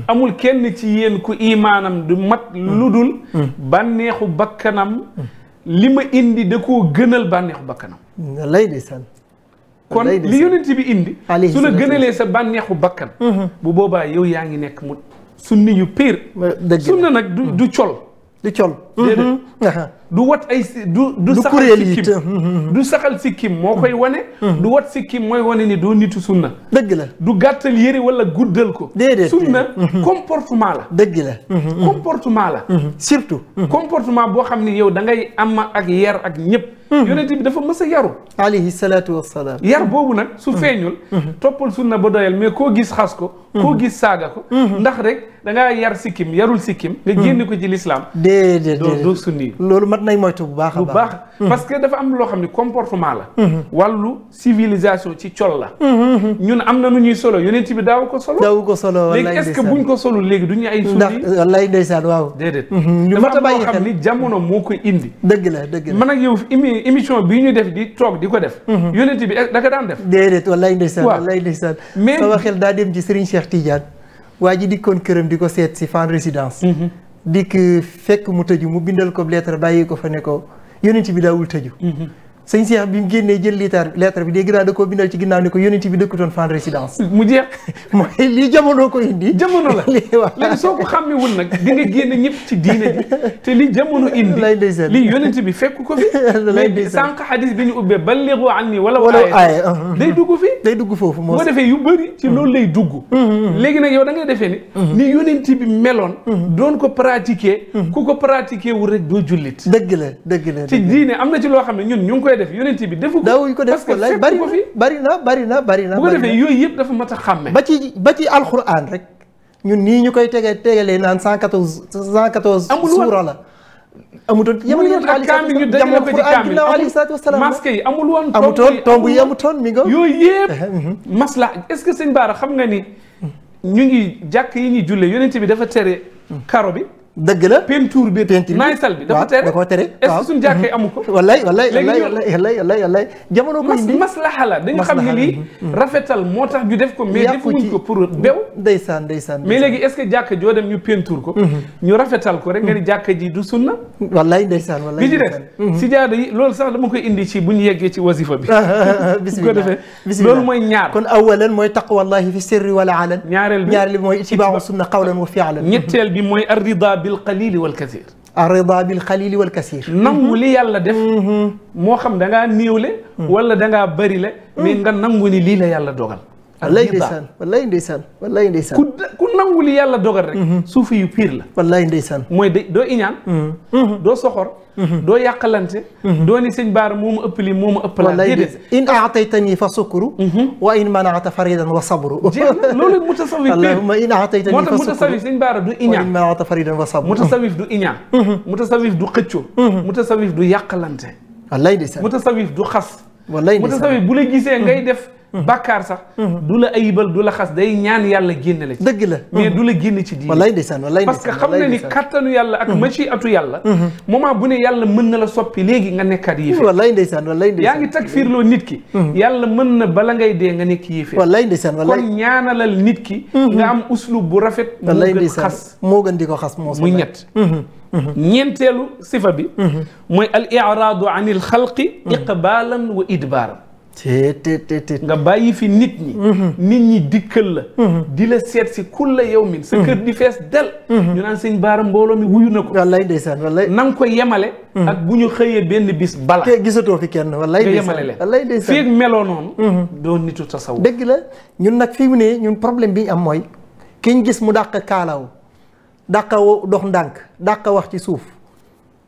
Speaker 2: amul kenn ci yéen ku imaanam du mat mhm. lu bànneexu bakkanam li ma indi da koo gënal bànneexu bakkanam lay ndeysaan kon li yonent bi indi su la gënalee sa bànneexu bakkan bu boobaa yow yaa ngi nekk sunni yu pire. sunna nag du du col. du col déedéet du wat ay du du saxal sikkim mhm, mhm. du saxal sikkim moo koy mhm. wane du wat sikkim mooy wane ni doo nitu sunna dëgg la du gàttal yëre wala guddal ko déedéet sunna comportement la dëgg la comportement la surtout comportement boo xam ni yow dangay ngay am ak yar ak ñëpp yonent bi dafa mës a yaru alayhi yar boobu nag su feeñul toppal sunna ba doyal mais koo gis xas ko koo gis saaga ko ndax rek da ngaa yar sikkim yarul sikkim nga génn ko ci lislaam
Speaker 1: déedéet doo sunni loolu mat nay moytu bu baax a baax hmm. parce
Speaker 2: que dafa am loo xam ne comportement la hmm. wàllu civilisation ci col la
Speaker 1: hmm, ñun
Speaker 2: am na nu ñuy solo yonent bi daaw ko solo daaw ko solo léegi est-ce que buñ ko solo léegi du ñu ay sunni ndax
Speaker 1: wallaay ndeysaan waaw
Speaker 2: déedéet ñu a am loo xam ni jamono moo koy indi dëgg la dëgg la man ak yow émission bi ñu def di toog di ko def
Speaker 1: yonent bi da ka daan def déedéet wallaay daa dem ci Serigne Cheikh Tidiane waa dikkoon këram di ko seet si fan résidence dikk fekk mu tëju mu bindal ko lettre bàyyi ko fa ne ko ci bi daawul tëju. Mhm. sëñ Cheikh bi mu génnee jël liitaar lettre bi dégg naa da koo bindal ci ginnaaw ni ko yonent bi dëkkutoon fan résidence mu jeex mooy lii jamono ko indi jamono la léegi soo ko xàmmewul nag di nga génne ñëpp
Speaker 2: ci diine ji bi fekk ko fi lay ndeysaan sànq xadis bi ñu ubbee balligu anni wala wala aaya day dugg fi day dugg foofu moo defee yu bëri ci mm-hmm. loolu lay dugg mm-hmm. gi nag yow da ngay defee ni mm-hmm. ni yonent bi meloon doon ko pratiquer ku ko pratiquer wu rek doo jullit dëgg la dëgg la ci diine am na ci loo xam koy def yonent bi defu ko daawuñ ko def ko lay bari
Speaker 1: na bari na bari na bari na bu ko defee yooyu yëpp dafa mat a xàmme ba ci ba ci alxuraan rek ñun nii ñu koy tege tegalee naan cent quatorze cent quatorze suura la amutoon yemul woon ak kaamil ñu dañ la ko ci kaamil alayhi salaatu wasalaam masque
Speaker 2: yi amul woon amutoon tomb yi amutoon mi nga yooyu yëpp mhm. masla est-ce que sëñ Baara xam nga ni ñu ngi jàkk yi ñuy julle yonent bi dafa tere karo bi dëgg la peinture bi peinture bi dafa tere da koo tere est ko wallay wallay wallay wallay wallay jamono ko dañu xam ne hmm. rafetal moo tax ñu def ko mais defuñ ko pour bew ndeysaan ndeysaan mais léegi est-ce que jàkk ñu peinture ko hmm. ñu rafetal ko rek nga hmm. ji du sunna
Speaker 1: wallay ndeysaan wallay bi ci
Speaker 2: des si jaada yi loolu sax dama koy indi ci bu ñu
Speaker 1: yeggee ci wasifa bi bismillah ñaar kon awalan mooy taqwallahi fi sirri wala alan ñaareel
Speaker 2: bi mooy itibaa bil qalili wal kasir arida bil qalili wal kasir nangu mhm. li yàlla def mhm. moo xam da ngaa néewle mhm. wala da ngaa bëri le mais nga nangu ni lii la yàlla dogal
Speaker 1: wallay ndeysaan wallay ndeysaan wallay ndeysaan ku
Speaker 2: ku nangu li yàlla dogal rek mhm. suufi yu piir la wallay ndeysaan mooy de do iñaan mhm. Mhm. doo soxor doo yàqalante doo ni sëñ baara moo ma ëpp li
Speaker 1: moo ma ëpp la in aataytani fa sukru wa in manaata faridan wa sabru loolu mutasawif allahumma in aataytani moo tax mutasawif du iñaan mutasawif
Speaker 2: du iñaan mutasawif du xëccoo mutasawif du yàqalante mutasawif du xas ngay def bàkkaar sax du la ayibal du la xas day ñaan yàlla génne la ci dëgg la mais du la mhm. génne ci diine wallaay ndeysaan
Speaker 1: wallaay parce que xam na ni
Speaker 2: kattanu yàlla ak mhm. machi atu yàlla mhm. moment bu ne yàlla mën na la soppi léegi nga nekkaat yéeféer
Speaker 1: wallaay yaa
Speaker 2: ngi takfiirloo nit ki yàlla mën na bala nga nekk yéeféer wallaay ndeysaan
Speaker 1: wallaay
Speaker 2: kon nga am uslub bu rafet wallaay ndeysaan xas ko xas moo muy ñett sifa bi mooy al iraadu an il xalqi iqbaalan wa idbaaran te te nga bàyyi fi nit ñi mm-hmm. nit ñi dikkal la mm-hmm. di la seet si la yow min sa mm-hmm. kër di fees del ñu naan sëñ baara mbooloo mi wuyu na ko wallaay ndeysaan wallaay na nga ko yemale ak bu ñu xëyee benn bis bala te gisatoo fi kenn wallaay nga yemale leen wallaay fii ak
Speaker 1: meloo noonu doo nitu tasaw dëgg la ñun nag fii mu ne ñun problème bi am mooy ki gis mu dàq kaalaw dàq dox ndànk dàq wax ci suuf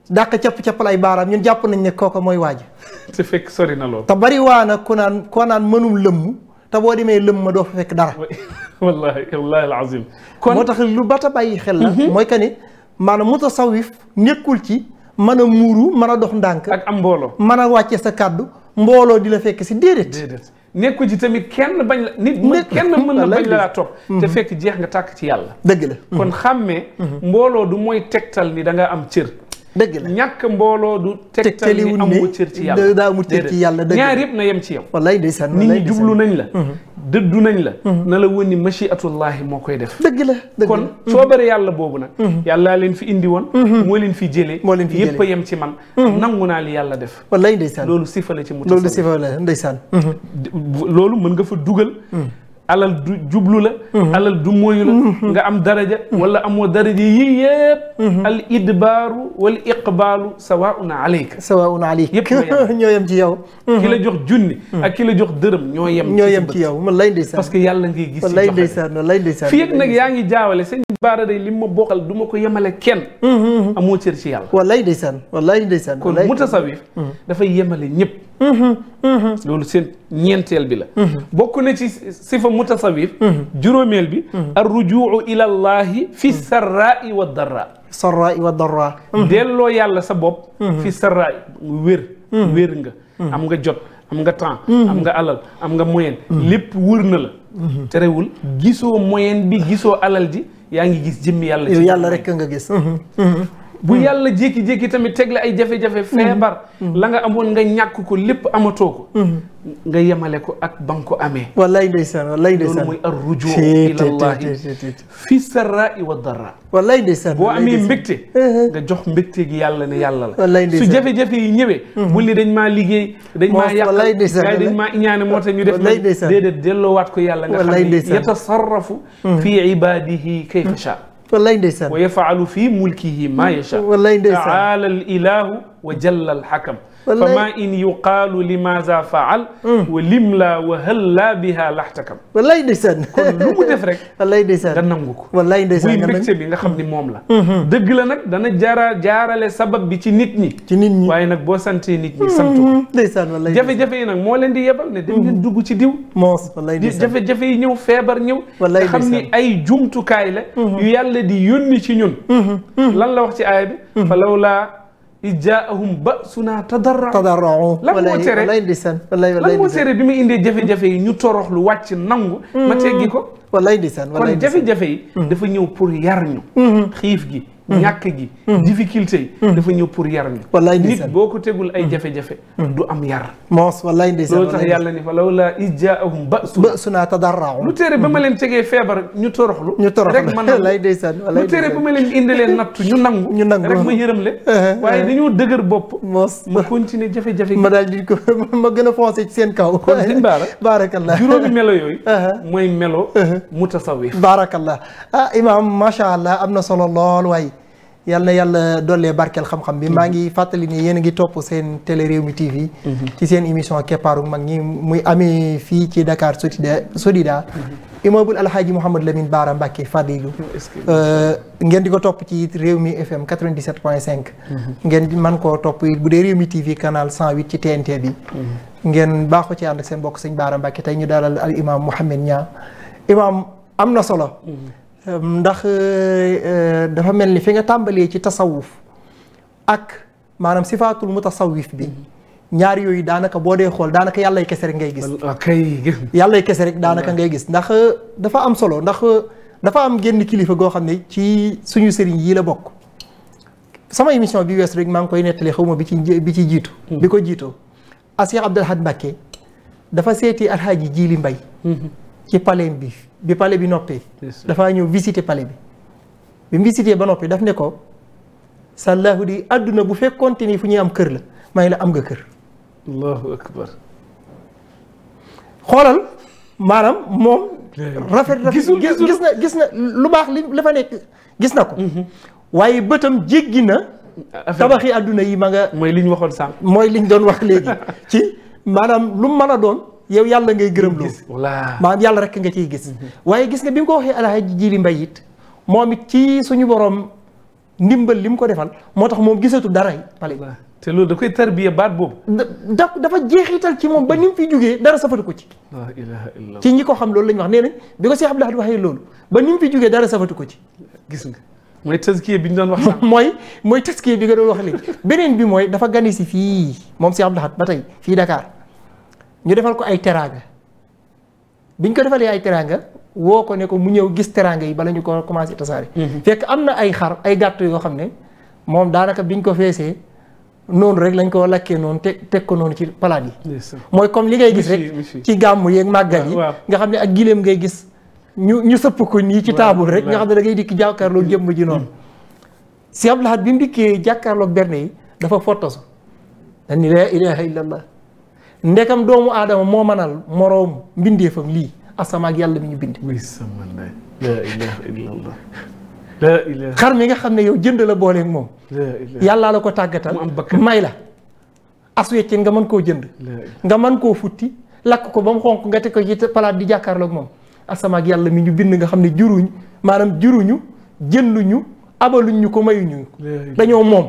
Speaker 1: dàq capp-cappal ay baaraam ñun jàpp nañ ne kooka mooy waaj. te fekk sori na lool. te bari waa na ku naan koo naan mënum lëmm te boo demee lëm ma doo fa fekk dara. wallaahi wallaahi kon moo tax lu bata bàyyi xel la. Mhm. mooy que ni maanaam mutasawif nekkul ci mën a muuru mën a dox ndànk. ak am mbooloo mën a wàcce sa kàddu mbooloo di la fekk si déedéet. déedéet nekkul ci tamit kenn bañ la. nit mën kenn mën na bañ la laa topp.
Speaker 2: te mhm. fekk jeex nga tàkk ci yàlla. dëgg la kon mhm. xàmmee. mbooloo du mooy tegtal ni da nga am cër. dëgg la ñàkk mbooloo du. tegtali wu ne tegtali amul cër ci yàlla daa amul cër ci yàlla dëgg la ñaar yëpp na yem ci yow. wallaay ndeysaan mm-hmm. mm-hmm. na la woon ni machiatullahi moo def. dëgg la dëgg la kon coobare mm-hmm. yàlla boobu nag. yàllaa leen fi indi woon. moo leen fi jëlee. moo a yem ci man. nangu naa li yàlla def. loolu sifa la ci mu. loolu
Speaker 1: sifa la loolu mën nga fa dugal.
Speaker 2: alal du jublu la mhm. alal du moyu la mhm. nga am daraja mhm. wala amoo daraja yii yëpp al idbaaru wal iqbaalu sawaun aleyka sawaun aleyka yëpp ñoo yem ci yow ki la jox junni ak ki la jox dërëm ñoo yem ñoo yem ci yow man lay ndeysaan parce que yàlla ngay gis lay
Speaker 1: ndeysaan lay ndeysaan fii nag
Speaker 2: yaa ngi jaawale baara day lim ma bokkal du ma ko yemale kenn mm-hmm, mm-hmm. amoo cër ci yàlla wallaay ndeysaan wallaay ndeysaan kon mutasawif mm-hmm. dafay yemale ñëpp loolu seen ñeenteel bi la bokk na ci sifa mutasawif juróomeel bi ar rujuu fi sarraai wa darra sarraai wa darra delloo yàlla sa bopp fi sarraai wér wér nga am nga jot am nga temps. am nga alal am nga moyen. Mm-hmm. lépp wër na la. Mm-hmm. terewul gisoo moyen bi gisoo alal ji yaa ngi gis jëmmi yàlla. ci yàlla rek
Speaker 1: nga gis. Mm-hmm. bu yàlla
Speaker 2: jékki-jékki tamit teg ay jafe-jafe. feebar la nga amoon nga ñàkk ko lépp amatoo ko. nga yemale ko ak ba nga ko amee.
Speaker 1: wallaay ndeysaan wallaay ndeysaan loolu mooy ar rujuu ilallahi fi sarraa wa darraa. wallaay
Speaker 2: ndeysaan boo amee mbégte. nga jox mbégte gi yàlla ne yàlla la. wallaay su jafe-jafe yi ñëwee. Mhm. bul ni dañ maa liggéey. dañ ma yàq wallaay ndeysaan la dañ maa ñaane moo ñu def. wallaay ndeysaan déedéet delloowaat ko yàlla. wallaay ndeysaan nga xam ne yatasarrafu. Mhm. fii ibaadihi kayfa shaa. Mhm. wallaay ndeysaan wa yafaalu fii mulkihi maa yashaa. wallaay ndeysaan taala al ilaahu wa jalla al hakam wallaay fa maa in yuqaalu li maaza faal. Hmm. wa lim laa wa hal laa biha laxtakam.
Speaker 1: wallaay ndeysaan kon lu mu def rek. nga nangu ko. wallaay ndeysaan nga nangu muy
Speaker 2: bi nga xam ni moom la. Hmm, hmm. dëgg la nag dana jaara jaarale sabab bi ci nit ñi. ci nit waaye nag boo santee nit ñi sant
Speaker 1: ko. ndeysaan
Speaker 2: wallaay jafe-jafe nag moo leen di yebal ne dem duggu dugg ci diw. moos wallaay ndeysaan jafe-jafe yi ñëw feebar ñëw. wallaay ndeysaan xam ni ay jumtukaay la. yu yàlla di yónni ci ñun. lan la wax aaya bi. fa lawlaa ijaahum ba sunaa tadarra
Speaker 1: tadarrau lan moo tere walaay ndeysaan walaay walaay lan moo tere
Speaker 2: bi mu indee jafe-jafe yi ñu toroxlu wàcc nangu ma teggi ko mm.
Speaker 1: walaay ndeysaan walaay kon
Speaker 2: jafe-jafe yi mm. dafa ñëw pour yar ñu mm-hmm. xiif gi Mmh. ñàkk gi mmh. difficulté yi mmh. dafa ñëw pour yar yi wallaay nit boo ko tegul ay jafe-jafe du am yar moos wallaay ndeysaan loolu tax yàlla ni fa lawlaa iz jaahum ba'sunaa tadarra'u lu tere ba ma leen tegee feebar ñu toroxlu ñu toroxlu rek man wallaay ndeysaan lu tere ba ma leen indilee nattu ñu nangu
Speaker 1: ñu nangu rek ma yërëm le uh-huh. waaye dañoo dëgër bopp moos ma continuer jafe-jafe ma daal di ko ma gën a foncé ci seen kaw kon sëñ Baara baarakallah melo yooyu uh-huh. mooy melo uh-huh. mutasawif baarakallah ah imaam macha allah am na solo lool waaye yal na yàlla dollee barkeel xam-xam bi maa ngi fàttali ni yéen a ngi topp seen télé réew mi TV mhm. ci seen émission keppaaru mag ñi muy amee fii ci Dakar Sodida Sodida mhm. immeuble alhaaji Mouhamed Lamine Baara Mbacke Fadilu euh, ngeen di ko topp ci réew mi FM 97 point 5 mhm. ngeen man koo topp bu dee réew mi TV canal 108 ci TNT bi ngeen baaxoo ci ànd ak seen bokk sëñ Baara Mbacke tey ñu dalal al imam Mouhamed Niang imam am na solo ndax euh, euh, dafa mel ni fi nga tàmbalee ci tasawuf ak maanaam sifaatul mutasawif bi ñaar yooyu daanaka boo dee xool daanaka yàllay kese rek ngay gis yàllay kese rek daanaka ngay gis ndax euh, dafa am solo ndax dafa am génn kilifa goo xam ne ci suñu sëriñ yii la bokk sama émission bi wees rek maa ngi koy nettali xawma bi ci bi ci jiitu bi ko jiitoo Asiya Abdul Ahad Mbacké dafa seeti alxaaji Jiili Mbay mm-hmm. ci paleem bi bi pale bi noppee dafaa ñëw visiter pale bi bi mu ba noppi daf ne ko sàllaahu di àdduna bu fekkoonte ni fu ñuy am kër la may la am nga kër xoolal maanaam moom rafet rafet gis na gis na lu baax li la fa nekk gis na ko mhm. waaye bëtam jéggi na tabaxi àdduna yi ma nga mooy liñ waxoon sànq mooy liñ doon wax léegi ci maanaam lu mën a doon yow yàlla ngay gërëm loo maanaam yàlla rek nga ciy gis mhm. waaye gis nga bi mu ko waxee alhaaji jiiri mbay it moom it ci suñu borom ndimbal li mu ko defal moo tax moom gisatu dara pale te loolu da koy tarbiya baat boobu da dafa jeexital ci moom ba ni mu fi jógee dara safatu ko ci ci ñi ko xam loolu la ñu wax nee nañ bi ko Cheikh Abdou Lahad waxee loolu ba ni mu fi jógee dara safatu ko ci gis nga mooy taskiye bi ñu doon wax mooy mooy taskiye bi nga doon wax léegi beneen bi mooy dafa gane si fii moom Cheikh Abdou Lahad ba tey fii Dakar ñu defal ko ay teraanga biñ ko defalee ay teraanga woo ko ne ko mu ñëw gis teraanga yi bala ñu ko commencé tasaare. Mhm. fekk am na ay xar ay gàtt yoo xam ne moom daanaka biñ ko feesee noonu rek lañ ko lakkee noonu te teg ko noonu ci palaat yi. mooy comme li ngay gis rek ci gàmmu yeeg màggal yi. nga xam ne ak gileem ngay gis ñu ñu sëpp ko nii ci taabul rek. nga xam ne da ngay dikk jàkkaarloo jëmm ji noonu. Mhm. si Abdul Ahad bi mu dikkee jàkkaarloog berne yi dafa fotosu dañ ni laa ilaaha ndekam doomu aadama moo mënal moroom mbindeefam lii asama yàlla mi ñu bind. xar mi nga xam ne yow jënd la booleeg moom. yàllaa la ko tàggatal. may la. as weccin nga mën koo jënd. nga mën koo futti lakk ko ba mu xonq nga teg ko ci palaat di jàkkaarloog moom. asama ak yàlla mi ñu bind nga xam ne juruñ maanaam juruñu jënduñu abaluñ ñu ko mayuñu. dañoo moom.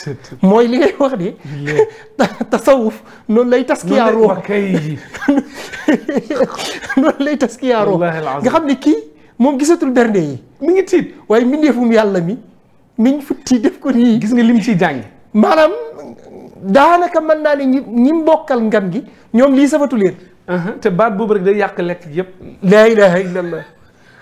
Speaker 1: mooy li ngay wax ni tasawuf noonu lay taskiyaa yaar noonu lay taskiyaa ruux nga xam ne kii moom gisatul bernde yi mi ngi tiit waaye mbindeefum yàlla mi mi ngi futti def ko nii gis nga lim ciy jàng maanaam
Speaker 2: daanaka mën naa ne ñi bokkal mbokkal ngam gi ñoom lii safatu leen te baat boobu rek day yàq
Speaker 1: lekk yëpp laa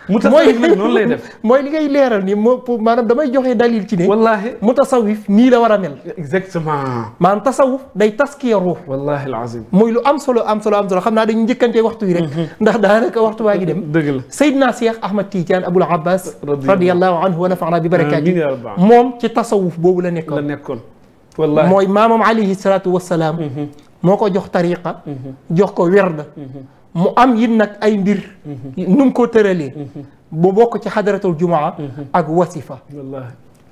Speaker 2: mutasawif nag noonu lay def
Speaker 1: mooy li ngay leeral ni moo maanaam damay joxe dalil ci ne. wallaahi mutasawif nii la war a mel. exactement. maanaam tasawuf day taskiya ruux. wallaahi alazim muy lu am solo am solo am solo xam naa dañu njëkkante waxtu yi rek. Mm-hmm. ndax daanaka waxtu waa ngi dem. dëgg la Seydina Cheikh Ahmad Tidiane Abul Abbas. radiyallahu anhu wa nafaana bi barakaati moom ci tasawuf boobu la nekkoon. la nekkoon wallaahi mooy maamam alayhi salaatu wa salaam. Mm-hmm. moo ko jox tariqa. Mm-hmm. jox ko werda. mu am yit nag ay mbir nu mu ko tëralee mhm. bu bokk ci xadaratul jumaa mhm. ak wasifa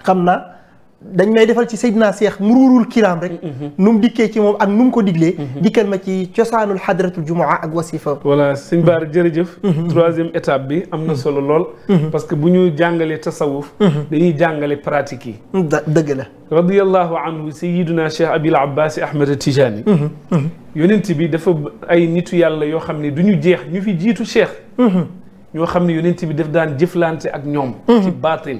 Speaker 1: xam na dañ may defal ci Seydina Seex muruurul kiraam rek mm-hmm. nu dikkee ci moom ak nu ko diglee mm-hmm. dikkal ma ci cosaanul xadratul jumaa ak wasifa voilà sëñ
Speaker 2: Baar mm-hmm. jërëjëf troisième étape bi am na solo lool parce que bu ñu jàngalee tasawuf dañuy jàngale pratique yi dëgg la radiallahu anhu sayiduna cheikh abil abbas ahmed tijani yonent bi dafa ay nitu yoo xam ne du ñu jeex ñu fi jiitu cheikh ñoo xam ne yonent bi daf daan jëflante ak ñoom ci baatin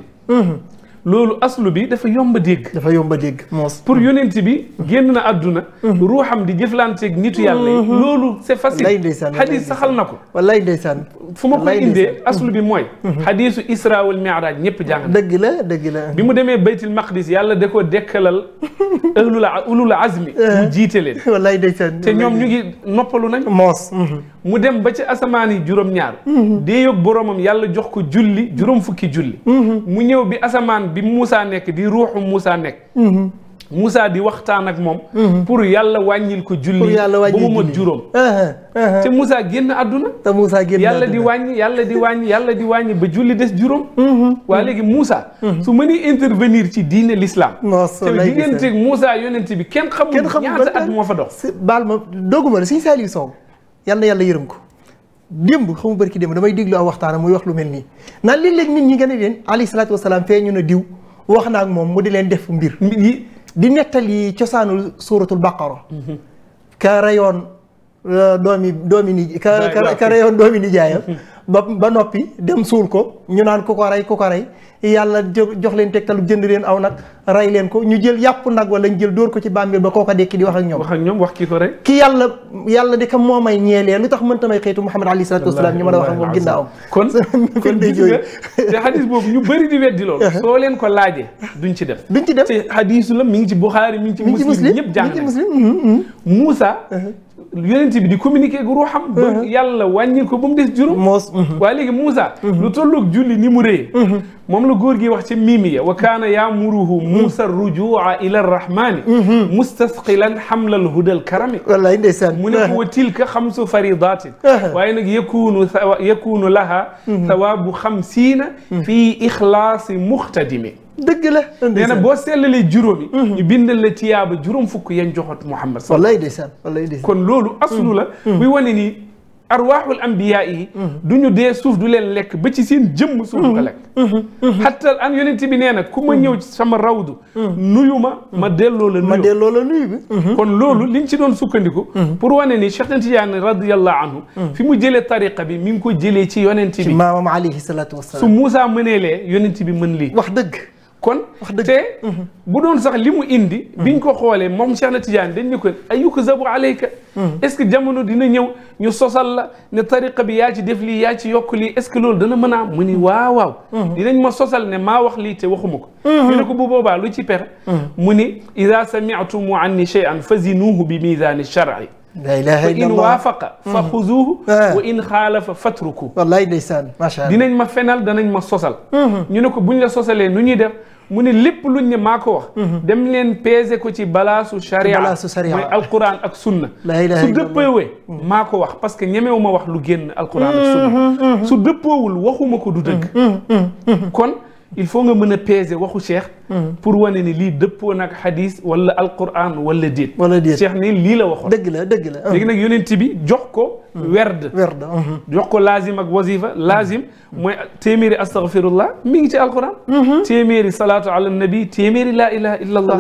Speaker 2: loolu aslu bi dafa yomb a dégg. dafa yomb a dégg moos. pour yonent bi génn na àdduna. Mhm. ruuxam di jëflanteeg nitu yàlla yi. Mhm. loolu c'est facile. wallaay ndeysaan xadis saxal na ko. wallaay ndeysaan. fu ma koy indee bi mooy. Mhm. xadisu isra wal mi'raj ñëpp jàng. dëgg la dëgg la. bi mu demee baytil maqdis yàlla da koo dekkalal ahlul la azmi. mu eh. jiite leen. wallaay ndeysaan te ñoom ñu ngi noppalu nañ. moos. mu dem ba ci asamaan yi juróom-ñaar. dee yóbbu boromam yàlla jox ko julli juróom fukki julli. mu ñëw bi asamaan bi Moussa nekk di ruuxu Moussa nekk. musa mhm. di waxtaan ak moom. Mhm. pour yàlla wàññil ko julli. pour yàlla wàññil julli juróom.
Speaker 3: Uh-huh, uh-huh. te Moussa
Speaker 2: génn àdduna. te Moussa génn yàlla di wàññi yàlla di wàññi yàlla di wàññi ba julli des juróom. Mhm. waa léegi Moussa. su mënee intervenir ci diine l'islam. te digganteeg Moussa yonent bi kenn xamul. kenn
Speaker 1: xamul ñaata at moo fa dox. baal ma dogu ma la Sëñ Saliou Sow yal na yàlla yërëm ko. xa xamu barki démb damay déglu aw waxtaanam muy wax lu mel ni naan li léeg nit ñi nga ne leen alayhi salaatu wasalaam fee ñu ne diw wax na ak moom mu di leen def mbir yi di nettali cosaanu suuratul baqara mhm. ka rayoon euh, doomi doomi ni ka rayoon doomi nijaayam ba ba noppi dem suul ko ñu naan ku ko rey ku ko rey yàlla jox leen tegtalu jënd leen aw nag rey leen ko ñu jël yàpp nag wala ñu jël dóor ko ci bàmmeel ba ko dekki di wax ak ñoom. wax ak ñoom wax ki ko rey. ki yàlla di ko moo may ñeelee lu tax mënta may xeetu Muhammad alayhi salaatu wasalaam ñu mën a wax ak moom ginnaawam.
Speaker 2: kon kon gis
Speaker 1: nga te boobu ñu bëri di weddi loolu.
Speaker 2: Uh-huh. soo leen ko laajee duñ ci def. duñ ci def te hadisu la mi ngi ci Buxaari mi ngi ci yonent bi di communiquer ak ruuxam ba mhm. yàlla wàññil ko ba mu des juróom moos mhm. waaye léegi Moussa mhm. lu tolloog julli ni mu rëy moom la góor gi wax ci miimiya wa kaana yaamuruhu Moussa rujua ila rrahmani mustasqilan hamlal hudal karami wallaay ndeysaan mu ne ko wa tilka xamsu faridatin waaye nag yakunu yakunu laha thawabu xamsiina fi ixlaasi muxtadimi dëgg la. nee na boo seetlalee juróomi. Mhm. ñu bindal la tiyaaba juróom fukk yan joxot Muhammad. wallaay ndeysaan wallaay ndeysaan kon loolu aslu la. buy mhm. mhm. wane ni arwaaxul ambiyaa yi. du ñu dee suuf du leen lekk ba ci seen jëmm suuf du ko lekk. xatta an yonent bi nee na ku ma ñëw sama rawdu. nuyu ma ma delloo la nuyu ma delloo la nuyu bi. kon loolu liñ ci doon sukkandiku. pour wane ni Cheikh Tidiane radiyallahu anhu. fi mu jëlee tariqa bi mi ngi ko jëlee ci yonent bi. ci maamam
Speaker 1: alayhi salaatu wasalaam su
Speaker 2: Moussa mënee lee yonent bi mën lii. wax dëgg. kon wax dëgg te mhm. bu doon sax li mu indi. Mhm. biñ ko xoolee moom Cheikh na Tidiane dañ ne ko ayyuka zabu alayka. Mhm. est-ce que jamono dina ñëw ñu sosal la ne tariqa bi yaa ci def li yaa ci yokk lii est-ce que loolu dana mën a am mu ni waaw dinañ ma sosal ne maa wax lii te waxuma ko. ñu ko bu boobaa lu ci pexe. mu ni ida sami'tum anni shay'an fazinuhu bi mizani shar'i la ilaha illa allah in waafaqa fa mm. xuzuuhu ah. wa in xaalafa fatruku wallaay ndeysaan macha allah dinañ ma fenal danañ ma sosal mm-hmm. ñu ne ko buñ la sosalee nu ñuy def mu ne lépp luñ ne maa ko wax mm-hmm. dem leen peese ko ci balaasu sharia balaasu sharia mooy alquran ak sunna su dëppoowee mm. maa ko wax parce que ñemewu ma wax lu génn alquran ak sunna mm-hmm. su dëppoowul waxuma ko du dëgg kon il faut nga mën a peese waxu cheikh pour wane ni lii dëppoo nag xadis wala alquran wala déet. wala déet Cheikh ni lii la waxoon. dëgg la dëgg la. léegi nag yonent bi jox ko. werd werd. Uh-huh. jox ko laazim ak wazifa laazim. mooy téeméeri astaghfirullah mi ngi ci alquran. Uh-huh. téeméeri salaatu ala nabi téeméeri laa ilaha illa allah.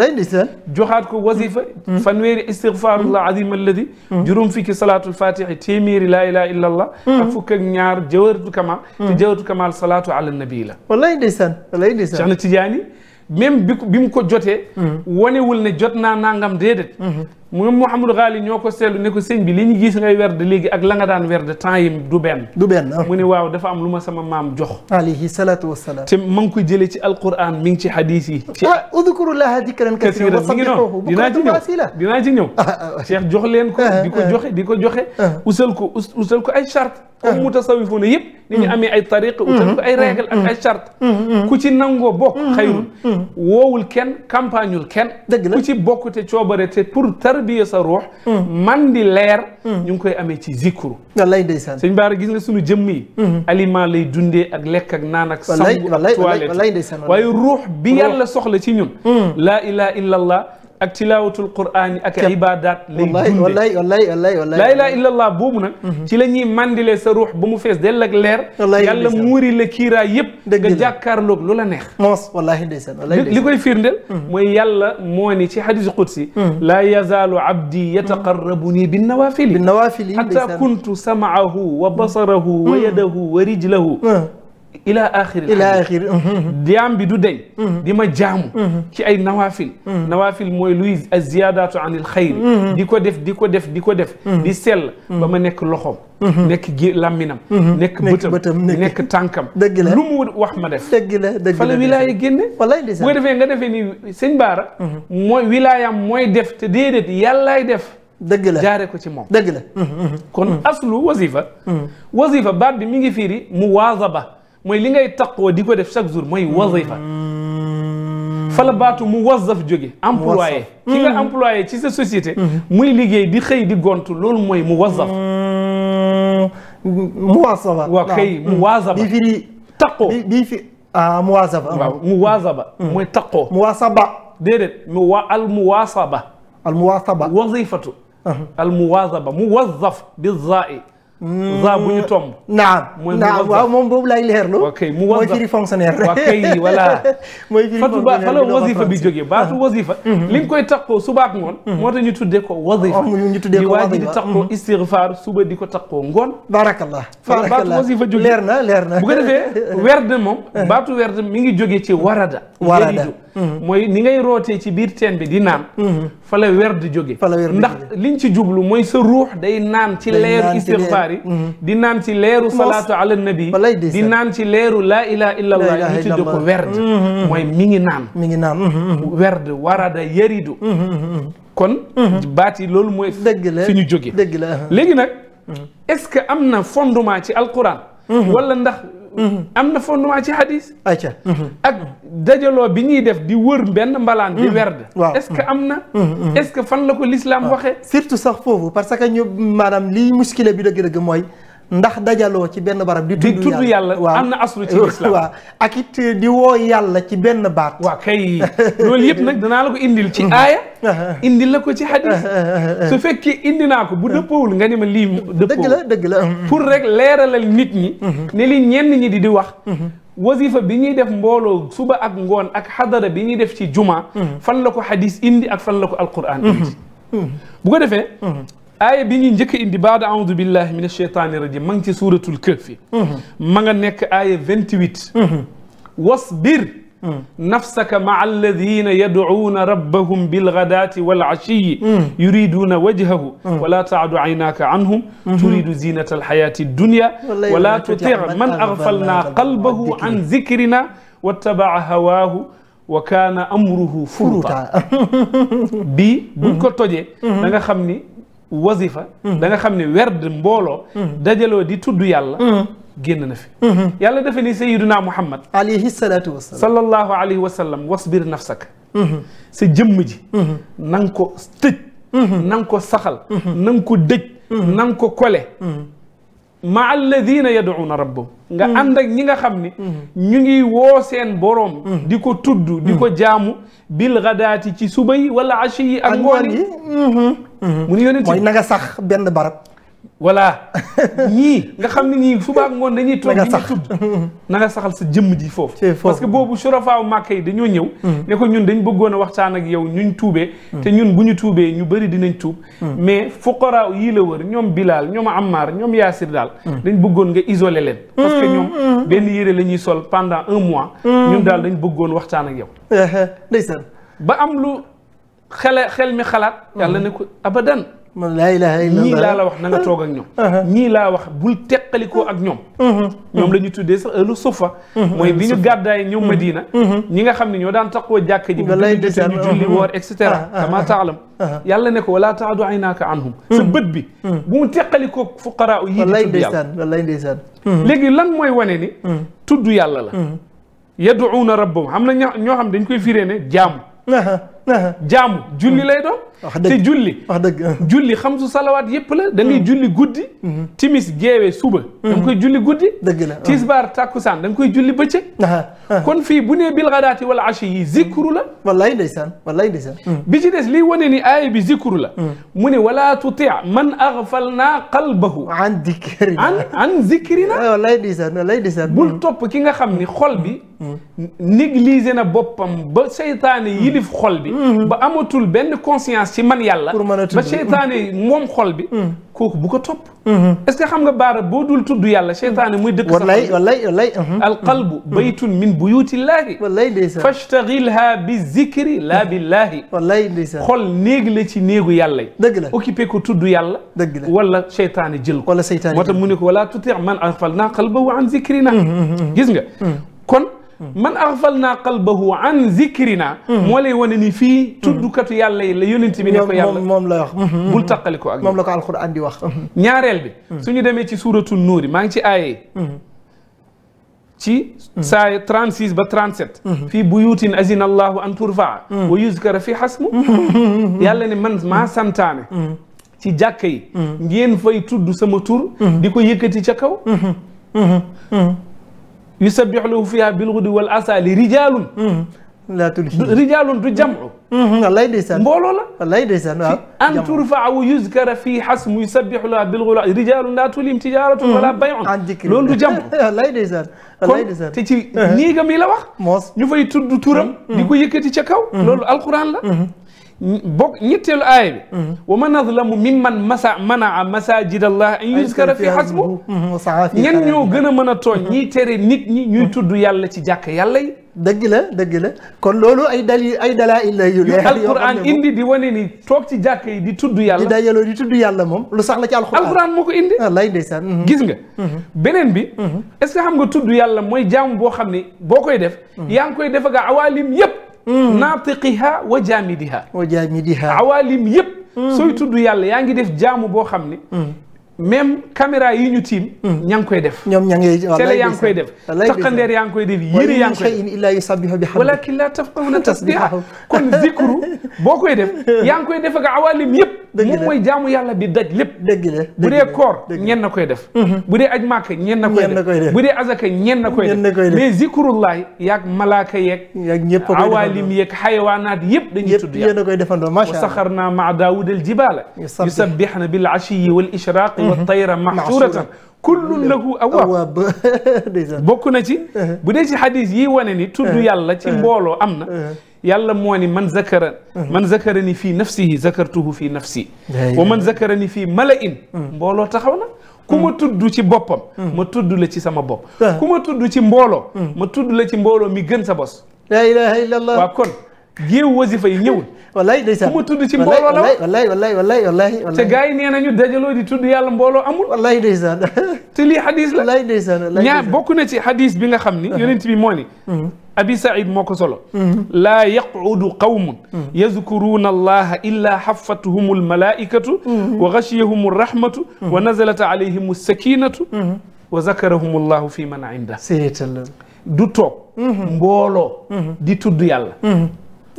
Speaker 2: joxaat ko wazifa. Uh-huh. fanweeri istighfarullah azim alladi. juróom fukki salaatul fatihi téeméeri laa ilaha illa allah. ak fukk ak ñaar jawharatu kamal. te jawharatu kamal salaatu ala nabi la. wallay ndeysaan wallay ndeysaan. Cheikh na Tidiane. même bi bi mu ko jotee. Mm-hmm. wanewul ne jot naa nangam déedéet. Mm-hmm. moom Mouhamadou Ghali ñoo ko seetlu ne ko sëñ bi li ñu gis ngay werd léegi ak la nga daan werd mu ne waaw dafa am lu ma sama maam jox te ma ko jëlee ci alquran mi ngi ci hadis yi ah,
Speaker 1: udkurullaha dikran kasiran mi ngi noonu dinaa ci
Speaker 2: ñëw dinaa ci ñëw cheikh jox leen ko ah, di ko ah. joxe di ko joxe usal ko usal ko ay charte comme mutasawifuna yëpp ni ñu mm. amee ay tariq usal ko ay mm-hmm. règle ak ay mm-hmm. charte mm-hmm. ku ci nangoo bokk xayrul woowul kenn campagneul kenn ku ci bokk te coobare te pour tar tarbiya sa ruux mm. man di leer mm. ñu ngi koy amee ci zikru wallaay ndeysaan sëñ baara gis nga suñu jëmm yi mm-hmm. aliment lay dundee ak lekk ak naan ak sangu ak toilette waaye ruux bi yàlla soxla ci ñun mm. laa ilaha illa allah ak tilaawatul qur'aan ak ibaadaat lay dunde wallaay
Speaker 1: wallaay wallaay wallaay laa
Speaker 2: ilaaha illallah boobu nag mhm. ci la ñuy mandile sa ruux ba mu fees dell ak leer yàlla muuri la kiiraay yëpp nga jàkkaarloog lu la neex
Speaker 1: moos wallaahi ndeysaan li
Speaker 2: koy firndeel mhm. mooy yàlla moo ni ci hadiis qudsi mhm. laa yazaalu abdi yataqarrabu nii binnawaafili binnawaafili hatta kuntu samaahu wa basarahu wa yadahu wa rijlahu ila axiri ila axiri mhm, mhm. jaam bi du deñ mhm. di ma jaamu ci ay nawaafil nawaafil mooy luy aziyadaatu an il di ko def di ko def di ko def sell ba ma nekk loxoom nekk gi làmminam nekk bëtam nekk tànkam dëgg la lu mu wax ma def dëgg la dëgg fa la wilaaya génne wallaay bu ko defee nga defee ni sëñ baar mooy wilaayaam mooy def te déedéet yàllaay def dëgg la jaare ko ci moom dëgg la kon aslu wasifa wasifa baat bi mi fiiri mu mooy li ngay taqoo di ko def chaque jour mooy wazifa mm. fa mu wazaf jóge employé ki nga mm. employé ci sa société mm. muy liggéey di xëy di gontu loolu mooy mu wazaf mu waasaba waaw xëy mu waasaba bi mu waasaba waaw mu ah, waasaba mooy taqoo mu wa al mu waasaba wazifatu al mu waasaba uh-huh. mu wazaf bi za bu ñu tomb.
Speaker 1: Mm, naam naam waaw moom boobu laay leerlu. ok mu wan mooy firi fonctionnaire. waaw kay voilà.
Speaker 2: mooy firi fonctionnaire fa la wazifa bi jógee baatu ah. wazifa. Mm-hmm. li nga koy takkoo suba ak ngoon. Mm-hmm. moo tax ñu tuddee ko wazifa. Oh, ñu tuddee ko wazifa di waaj di takkoo mm-hmm. istighfar suba di ko takkoo ngoon. barakallah barakallah baatu wazifa jógee leer na
Speaker 1: leer na. bu ko defee
Speaker 2: werde moom. Eh. baatu werde mi ngi jógee ci warada. warada mooy ni ngay rootee ci biir teen bi di naan. fa la weer di jóge ndax liñ ci jublu mooy sa ruux day naan ci leeru istixfaar mm-hmm. di naan ci leeru salaatu ala nabi di naan ci leeru la ilaha illa allah ñu tudde werd mm-hmm. mooy mi ngi naan mi ngi naan mm-hmm. werd warada yaridu kon baat yi loolu mooy dëgg fi ñu jóge dëgg la léegi nag est-ce que am na fondement ci alquran wala ndax Mm-hmm. am na fondement ci hadis. ayca mm-hmm. ak dajaloo bi ñuy def di wër benn mbalaan. di mm-hmm. werd es ce que am na. est-ce que fan la ko
Speaker 1: l'islam waxee. surtout sax foofu parce que ñu maanaam liy muskile bi dëgg-dëgg mooy. ndax dajaloo ci benn barab di tudd yàlla waaw am na aslu ci islam ak it eh, di woo yàlla ci benn baat waaw kay loolu yëpp nag
Speaker 2: danaa la ko indil
Speaker 1: ci aaya indil la ko ci hadis
Speaker 3: su
Speaker 2: fekkee indi naa ko bu dëppawul nga ne ma lii dëppawul dëgg la dëgg la pour rek leeralal nit ñi ne li ñenn ñi di di wax wazifa bi ñuy def mbooloo suba ak ngoon ak xadara bi ñuy def ci juma fan la ko hadis indi ak fan la ko alquran indi bu ko defee aaya bi ñuy njëkk indi baada aoudu billahi min alcheytaani rajim ma ngi ci suuratul kahfi ma nga nekk aaya vingt huit wasbir nafsaka maa alladina yadcuuna rabbahum bilgadaati walcachiyi yuriduuna wajhahu wala taadu aynaaka anhum turidu zinata alxayaati ddunya wala tutic man agfalna qalbahu an zikrina wattabaa hawaahu wa kaana amruhu furuta bii buñ ko tojee mm-hmm. da nga xam ni wazifa mm-hmm. da xam ne werd mbooloo mm-hmm. dajaloo di tudd yàlla mm-hmm. génn na fi yàlla dafa ni sayiduna muhammad alayhi salaatu wasalam sallallahu alayhi wa sallam wasbir nafsaka sa jëmm ji na ko tëj na ko saxal na ko dëj nang ko kole ma alladina yaduuna rabbahum nga ànd ak ñi nga xam ni ñu ngi woo seen boroom di ko tudd di ko jaamu bil gadaati ci subay wala ashi yi Mhm. mu ni yonent mooy na nga sax benn barab. voilà yii nga xam ne nii suba ak ngoon dañuy toog sax tudd mhm. na saxal sa jëmm ji foofu parce que boobu surafaaw màkk yi dañoo ñëw mhm. ne ñun dañ bëggoon a waxtaan ak yow ñu tuubee te ñun bu ñu tuubee ñu bëri dinañ tuub mais fuqaraaw yii la wër ñoom Bilal ñoom Ammar ñoom Yaasir daal dañ bëggoon nga isolé leen parce que ñoom benn yére la ñuy sol pendant un mois ñun daal dañ bëggoon waxtaan ak yow
Speaker 1: eh,
Speaker 2: eh, xale xel mi xalaat. yàlla ne ko abadan.
Speaker 1: man laa ilaha illallah ñii laa la
Speaker 2: wax na nga toog ak ñoom. ñii laa wax bul teqalikoo ak ñoom. Mhm. ñoom la ñu tuddee sax ëllu sufa. Mhm. mooy bi ñu gàddaay ñëw mhm. Madina. ñi nga xam ne ñoo daan taqoo ko ji. balay desal ñu julli woor et cetera. kama taalam. yàlla ne ko wala taadu aynaaka anhum. sa bët bi. bu mu teqalikoo fuqaraa yi di tudd yàlla walay ndeysaan léegi lan mooy wane ni. tudd yalla la. yaduuna rabbahum xam na ñoo xam dañ koy firee ne jaamu. jaamu julli lay doon te julli wax dëgg julli xam su salawaat yépp la da ngay mm. julli guddi mm-hmm. timis geewe suba mm-hmm. da nga koy julli guddi dëgg la uh-huh. tisbaar takkusaan da nga koy julli bëccëg kon fii bu nee bil gadaati wala achi yi zikru la mm. wallaay ndeysaan wallaay ndeysaan mm. bi ci des lii wane ni aaya bi zikru la mu ne wala tuti man aghfalna qalbahu an zikrina an an zikrina eh, wallaay ndeysaan wallaay ndeysaan bul topp ki nga xam ni xol bi négligé na boppam ba seytaane yilif xol bi Mm-hmm. ba amatul benn conscience ci man yàlla ba seytaane mm-hmm. moom xol bi mm-hmm. kooku bu ko topp est-ce que xam nga baara boo dul tudd yàlla seytaane muy dëkk walay walay walay al qalbu baytun min buyutillahi walay ndeysaan fastaghilha bi zikri la billahi walay ndeysaan xol néeg la ci néegu yàlla yi dëgg la occupé ko tudd yàlla dëgg la wala seytaane jël ko wala seytaane moo tax mu ne ko wala tuti man aghfalna qalbahu an zikrina gis nga mm. kon man axfalnaa qalbahu an zikrina mm. moo lay wane ni fii tuddukatu yàlla yi la yonent bi ne ko yàlla moom la wax mm-hmm. Mm-hmm. bul taqali ko ak
Speaker 1: moom la ko alxuraan di wax mm-hmm.
Speaker 2: ñaareel su suñu demee ci suuratu nuuri maa ngi ci aaye ci saa 36 ba 37 fi buyutin azina allahu an turfaa wa yuzkara fi xasmu yàlla ne man maa santaane ci jàkka yi ngeen fay tudd sama tur di ko yëkkati ca kaw yusabbihu lahu fiha bilghudi wal asali rijaalun hmm. laa tulhi rijaalun du jam'u hmm. hmm, wallaay ndeysaan mbooloo la wallaay ndeysaan waaw an turfaa wa yuzkara fii xasmu yusabbihu laha bilghudi rijaalun laa tulhim tijaratun wala bay'un an dikri loolu du jam'u wallaay ndeysaan wallaay ndeysaan te ci nii nga mi la wax moos ñu fay tudd turam di ko yëkkati ca kaw loolu alquran la bokk ñetteelu aaya bi mm-hmm. wa man azlamu mimman masa manaa masajid allah an yuskara fi hasbu
Speaker 1: mm-hmm. ñen
Speaker 2: ñoo gën a mën a tooñ ñiy tere nit ñi ñuy tudd yàlla ci jàkk yàlla yi la dëgg la kon loolu ay dali ay dalaa'il la yu leer alquran indi di wane ni toog ci jàkk yi di tudd yàlla di dajaloo di moom lu sax la ci alquran alquran moo ko indi ah, lay ndeysaan mm-hmm. gis nga beneen bi est ce que xam nga tudd yàlla mooy jaamu boo xam ne boo koy def yaa ngi koy def ak awaalim yépp Mm. naatiqiha wa jaamidiha wa jaamidiha awalim yëpp mm. sooy tudd yàlla yaa ngi def jaamu boo xam ne mm. même caméra yi ñu tiim. Hmm. ña ngi koy def. ñoom ña ngi télé yaa ngi koy def. taqandeer yaa ngi koy def yére yaa ngi koy def
Speaker 1: illa yusabbihu
Speaker 2: bihamdihi walakin la tafqahuna tasbihahu kon zikru boo koy def yaa ngi koy def ak awalim yëpp. moom mooy jaamu yàlla bi daj lépp. dëgg la bu dee koor ñenn na koy def. Hmm. bu dee aj màkk ñenn na koy def bu dee azaka ñenn na koy def mais zikrullahi yaag malaaka yeeg. yaag ñëpp a koy defandoo awalim yeeg xayawaanaat yëpp dañuy tudd yàlla. yëpp yéen a koy defandoo macha allah wa saxarna maa daawuda al jibaala yusabbihna bil ashiyi wal ishraqi wa tayra mahsuratan kullun lahu awaab bokk na ci bu dee ci xadis yi wane ni tudd yàlla ci mbooloo am na yàlla moo ni man zakara man zakara ni fii nafsihi zakartuhu fii nafsi wa man zakara ni fii mala in mbooloo taxaw na ku tudd ci boppam ma tudd la ci sama bopp kuma ma tudd ci mbooloo ma tudd la ci mbooloo mi gën sa bos la ilaha illa allah waa kon géew wasifa yi ñëwul. wallaay ndeysaan ku mu tudd ci la
Speaker 1: wallaay te gars
Speaker 2: yi nee nañu dajaloo di tudd yàlla mbooloo amul. wallaay ndeysaan. te lii hadis la
Speaker 1: wallaay ndeysaan ñaar
Speaker 2: bokk na ci hadis bi nga xam ni. Uh-huh. yonent bi moo ni. Uh-huh. abi said moo ko solo uh-huh. laa yaqudu qawmun yazkuruuna allaha illa xaffatuhum almalaikatu wa gachiyahum arrahmatu wa nazalat alayhim alsakinatu wa zakarahum allahu fi man inda du toog mbooloo di tudd yàlla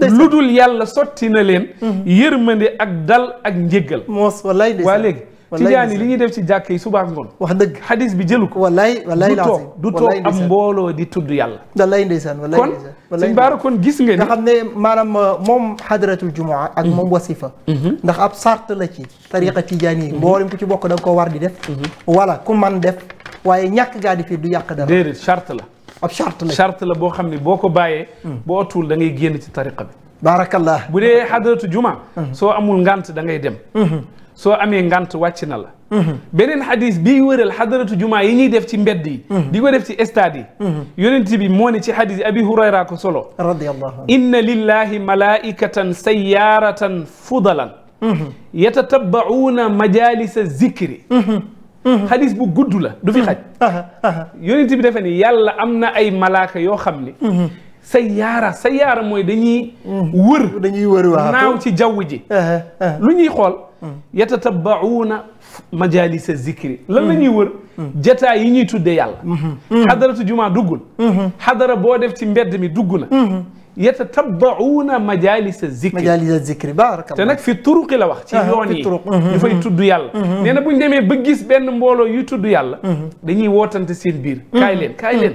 Speaker 2: lu dul yàlla sotti na leen mhm. yërmande ak dal ak njéggal moos wallaay waa léegi tijaan yi li ñuy def ci jàkk yi subaa ngoon wax dëgg xadis bi jëlu ko
Speaker 1: wallaay wallaay du toog du toog am
Speaker 2: mbooloo di tudd yàlla
Speaker 1: wallaay ndeysaan wallaay kon sëñ Baara kon gis nga ni nga xam ne maanaam euh, moom xadratul jumaa ak mhm. moom wasifa mhm. ndax ab sart la ci tariqa tijaan yi mboolem ku ci bokk da nga koo war di def wala ku man def waaye ñàkk gaa di du yàq dara
Speaker 2: déedéet la ab la boo xam ne boo ko bàyyee. Hmm. boo otuwul da ngay génn ci tariqa bi. baarakallah bu dee xadaratu juma. Hmm. soo amul ngant da dem. Hmm. soo amee ngant wàcc na la. beneen hadis bi wëral xadaratu juma yi ñuy def ci mbedd yi. di ko def ci stade yi. yonent bi moo ne ci hadis abi hurayra ko solo.
Speaker 3: radiyallahu
Speaker 2: inna lillahi malaikatan sayyaratan fudalan. yatatabbauna majalisa zikri. xadis mm-hmm. bu gudd la du fi yoo mm-hmm. yonent bi defe ni yàlla am na ay malaaka yoo xam ni mm-hmm. sayyaara sayyaara mooy dañuy wër dañuy wër waaw naaw ci jaww ji lu ñuy xool mm. yatatabauuna majalisa zikri lan la mm. ñuy wër mm. jataa yi ñuy tuddee yàlla xadaratu jumaa duggul xadara boo def ci mbedd mi dugg yatatabbauna majalisa zikri majalisa zikri baarakallah te nag fi turuqi la wax ci ah, yoon yi ñu fay mm-hmm. tudd yàlla mm-hmm. Mm-hmm. nee na bu ñu demee ba gis benn mbooloo yu tudd yàlla dañuy wootante seen biir kaay leen kaay leen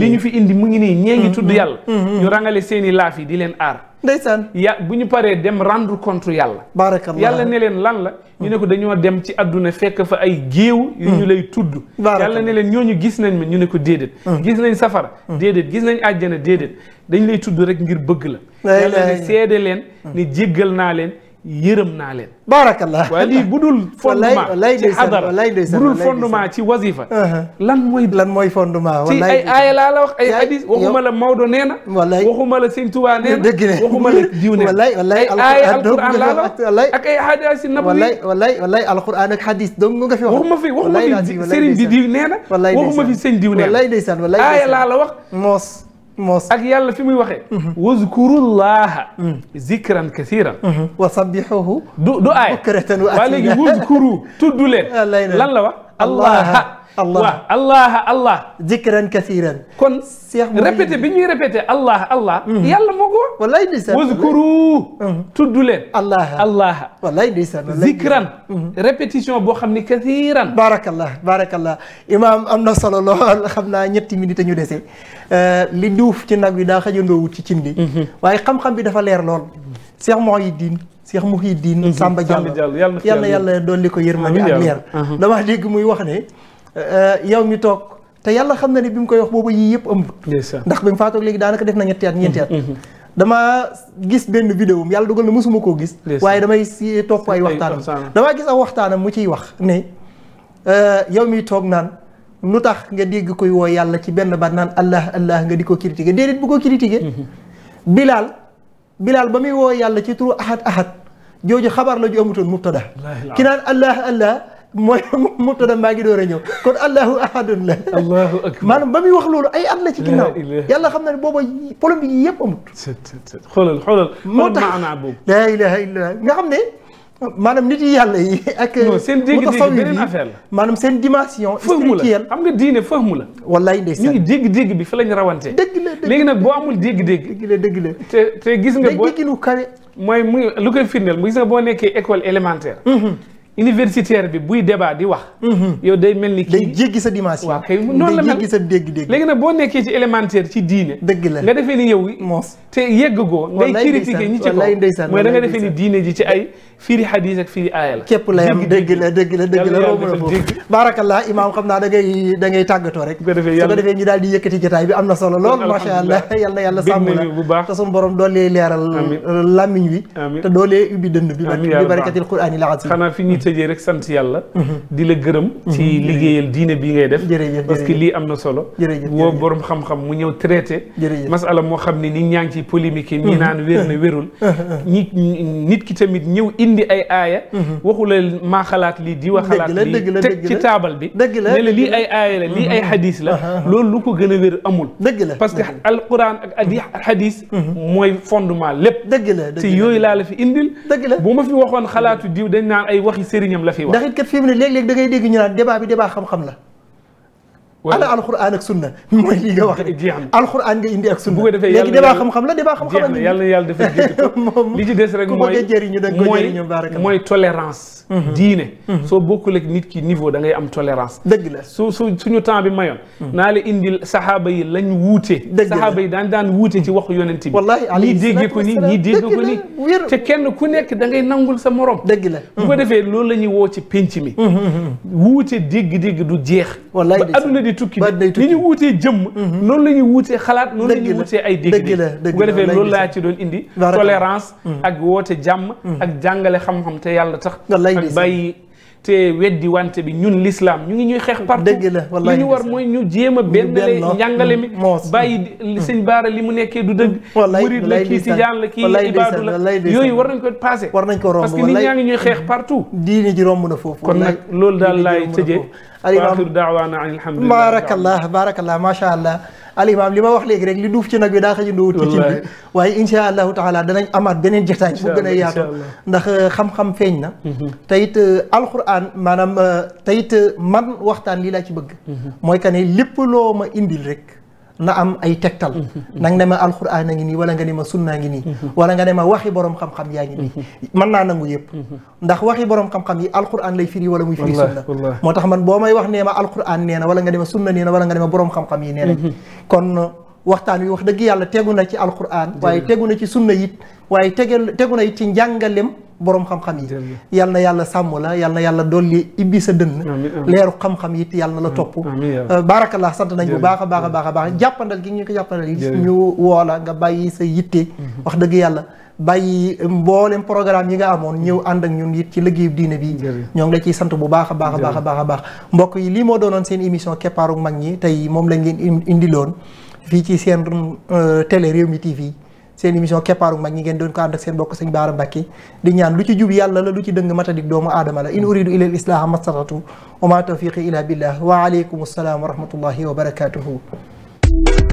Speaker 2: li ñu fi indi mu ngi nii ñee ngi tudd yàlla ñu rangale seen i laaf yi di leen aar ndeysaan ya bu ñu paree dem rendre compte yàlla baarakallah yàlla ne leen lan la ñu ne ko dañoo dem ci adduna fekk fa ay géew yu ñu mm. lay tudd yàlla ne leen ñoo ñu gis nañ ma ñu ne ko déedéet mm. gis nañ safara mm. déedéet gis nañ àjjana déedéet dañ lay tudd rek ngir bëgg la yàlla ne seede leen ne jéggal naa leen yërëm naa leen. baarakallah waaye bu dul. fondement ci xadara bu dul fondement ci wasifa
Speaker 1: uh-huh. lan mooy. lan mooy fondement ci ay
Speaker 2: aaya wax ay hadis waxuma la Maodo nee la Sëñ Tuubaa nee na. la jiw nee na. wax ay hadis nabawi.
Speaker 1: wax. waxuma fi waxuma fi Serigne di
Speaker 2: na. nee na. wallaay ndeysaan la wax moos. moos ak yàlla fi muy waxee mhm. wazkurullaha mhm. zikran kasiran mhm. wa sabbihuhu du du aay bukratan
Speaker 1: wa asila waa léegi wazkuru
Speaker 2: tudd leen lan la wax allaha allah waaw allah allah. zikran kathiran. kon seex mu répété bi ñuy répété allah allah. Mhm. yàlla moo ko. wallaay ndeysaan
Speaker 3: waskuru. Mhm.
Speaker 2: tudd leen. allah allah. wallaay ndeysaan
Speaker 1: zikran. Mhm. répétition boo xam ni kathiran. baarakallah baarakallah imaam am na solo lool xam naa ñetti minute ñu dese euh, li nduuf ci nag bi daa xajandoo wut ci cin li. waaye xam-xam bi dafa leer lool. seex Muhyiddin Seex Muhyiddin Samba Diallo yàlla yàlla dolli ko yërmande ak leer dama dégg muy wax ne Euh, yow mi toog te yàlla xam na ne bi mu koy wax boobu yii yëpp ëmb ndax bi mu faatoog léegi daanaka def na ñetti at ñeenti at mm-hmm, mm-hmm. damaa gis benn vidéo yàlla dogal na mësuma koo gis waaye damay si topp ay waxtaanam damaa gis aw waxtaanam mu ciy wax ne euh, yow mi toog naan lu tax nga dégg koy woo yàlla ci benn baat naan allah allah nga di ko critiqué déedéet bu ko critiqué mm-hmm. bilaal bilaal ba muy woo yàlla ci turu ahad ahad jooju xabaar la naan allah allah mooy mubtada maa ngi door a ñëw kon allahu ahadun la allahu akbar maanaam ba muy wax loolu ay at la ci ginnaaw yàlla xam na ne booba polémique yi yëpp amut xoolal xoolal moo tax maanaa boobu laa ilaha illallah nga xam ne maanaam nit yi yàlla yi ak seen dégg-dégg beneen affaire la maanaam seen dimension spirituelle xam nga diine
Speaker 2: fahmu la wallaay ndeysaan ñu ngi dégg-dégg bi fa lañ rawante dëgg la léegi nag boo amul dégg-dégg dëgg la dëgg la te gis nga boo dégginu kare mooy mu lu koy firndeel mu gis nga boo nekkee école élémentaire mm-hmm. universitaire bi buy débat di wax. Mhm. yow day mel ni kii day jéggi sa dimension. waaw kay noonu la mel day jéggi sa nag boo nekkee ci élémentaire ci diine. dëgg la nga defee ni yow. moos te yegg goo. ngay critiquer ñi ci kaw mooy ni la.
Speaker 1: képp la yam la dëgg la dëgg la romb la foofu. baarakallah imaam xam naa da daal di yëkkati jotaay bi am na solo lool. macha allah yal na yàlla sàmm la te suñu borom doolee leeral làmmiñ wi. te doolee ubbi dënn bi. amiin yaa rabbal
Speaker 2: tëjee rek sant yàlla di la gërëm ci mm-hmm. Mm-hmm. liggéeyal diine bi ngay def parce que lii am na solo woo borom xam-xam mu ñëw traité masala moo xam ni ñaa ngi ci polémique ñi mm-hmm. naan wér nit ki tamit ñëw indi ay aaya la maa xalaat lii di wa xalaat lii teg ci taabal bi ne la lii ay aaya la lii ay xadis la uh-huh. loolu lu ko gën a wér amul dëgg la parce que alquran ak adi xadis mooy fondement lépp dëgg la te yooyu laa la fi indil dëgg ma fi waxoon xalaatu diw dañ naan ay waxi sëriñam la fi wax. ndax
Speaker 1: it kat fi mu ne léeg-léeg da ngay dégg ñu naan débat bi débat xam-xam la ana alxuraan ak sunna mooy lii nga wax rek indi ak sunna léegi débat xam-xam la débat xam
Speaker 2: moom mooy da ko jëriñu baraka mooy tolérance mhm. diine mhm. soo bokkul ak nit ki niveau da ngay am tolérance dëgg la su su suñu temps bi mayoon mhm. naa la indil saxaaba yi lañ wuute saxaaba yi daan daan wuute ci waxu yonent bi wallaahi ñii dégge ko nii ñii dégge ko nii te kenn ku nekk da ngay nangul sa morom dëgg la bu ko defee loolu la ñuy woo ci pénc mi wuute dégg-dégg du jeex ba adduna di day tukki ni ñu wuutee jëmm mhm. noonu la ñuy wuutee xalaat noonu la ñuy wuutee ay dégg-dégg bu ko defee loolu laa ci doon indi tolérance mhm. ak woote jàmm mhm. ak jàngale xam-xam te yàlla tax ak bàyyi te weddi wante bi ñun lislaam ñu ngi ñuy xeex partout dëgg la wallaahi li ñu war mooy ñu jéem a bennale njàngale mi bàyyi sëñ baara li mu nekkee du dëgg murid la kii tijaan la kii ibaadu la yooyu
Speaker 1: war nañ ko passé war nañ ko romb parce que nit ñaa ngi ñuy xeex partout diine ji romb na foofu kon nag
Speaker 2: loolu daal laay tëjee alimaam
Speaker 1: daawaana alhamdulilah baarakallah baarakallah macha allah alimaam li ma wax léegi rek li duuf ci nag bi daa xëy a duwut ci cin bi waaye insha allahu taala danañ amaat beneen jotaay bu gën a ndax euh, xam-xam feeñ na mhm. te it euh, alquran maanaam euh, te man waxtaan lii laa ci bëgg mhm. mooy que ne lépp loo ma indil rek na am ay tegtal mm-hmm. Mm-hmm. nang ne ma alxuraan a ngi nii wala nga ne ma sunnaa ngi nii mm-hmm. wala nga ne ma waxi borom xam-xam yaa ngi nii mën naa nangu yëpp ndax waxi borom xam-xam yi alxuraan lay firi wala muy firi sunna moo tax man boo may wax nee ma alxuraan nee na wala nga ne ma sunna nee na wala nga ne ma borom xam-xam yi nee na kon waxtaan wi wax dëgg yàlla tegu na ci alxuraan waaye tegu na ci sunna it waaye tegel tegu na it ci njàngalem boroom xam-xam yi yal na yàlla sàmm la yal na yàlla dolli ibbi sa dënn leeru xam-xam yi yàlla na la mm, topp euh, baarakallah sant nañ bu baax a baax a baax a baax jàppandal gi ñu ko jàppandal yi ñu woo la nga sa yitte mm-hmm. wax dëgg yàlla bàyyi mboolem programme yi nga amoon ñëw mm-hmm. ànd ak ñun yit ci liggéeyu diine bi ñoo nga la ciy sant bu baax a baax a baax a baax a baax mbokk yi lii moo doonoon seen émission keppaaru mag ñi tey moom lañ indi loon fii ci seen tele euh, télé Rewmi TV seen émission keppaaru mag ñi ngeen doon ko ànd ak seen bokk sëñ Baara Mbacke di ñaan lu ci jub yàlla la lu ci dëng matadik doomu aadama la in uridu ila l islaha mastatatu wa ma tawfiqi ila billah wa aleykum assalaam wa rahmatullahi wa barakatuhu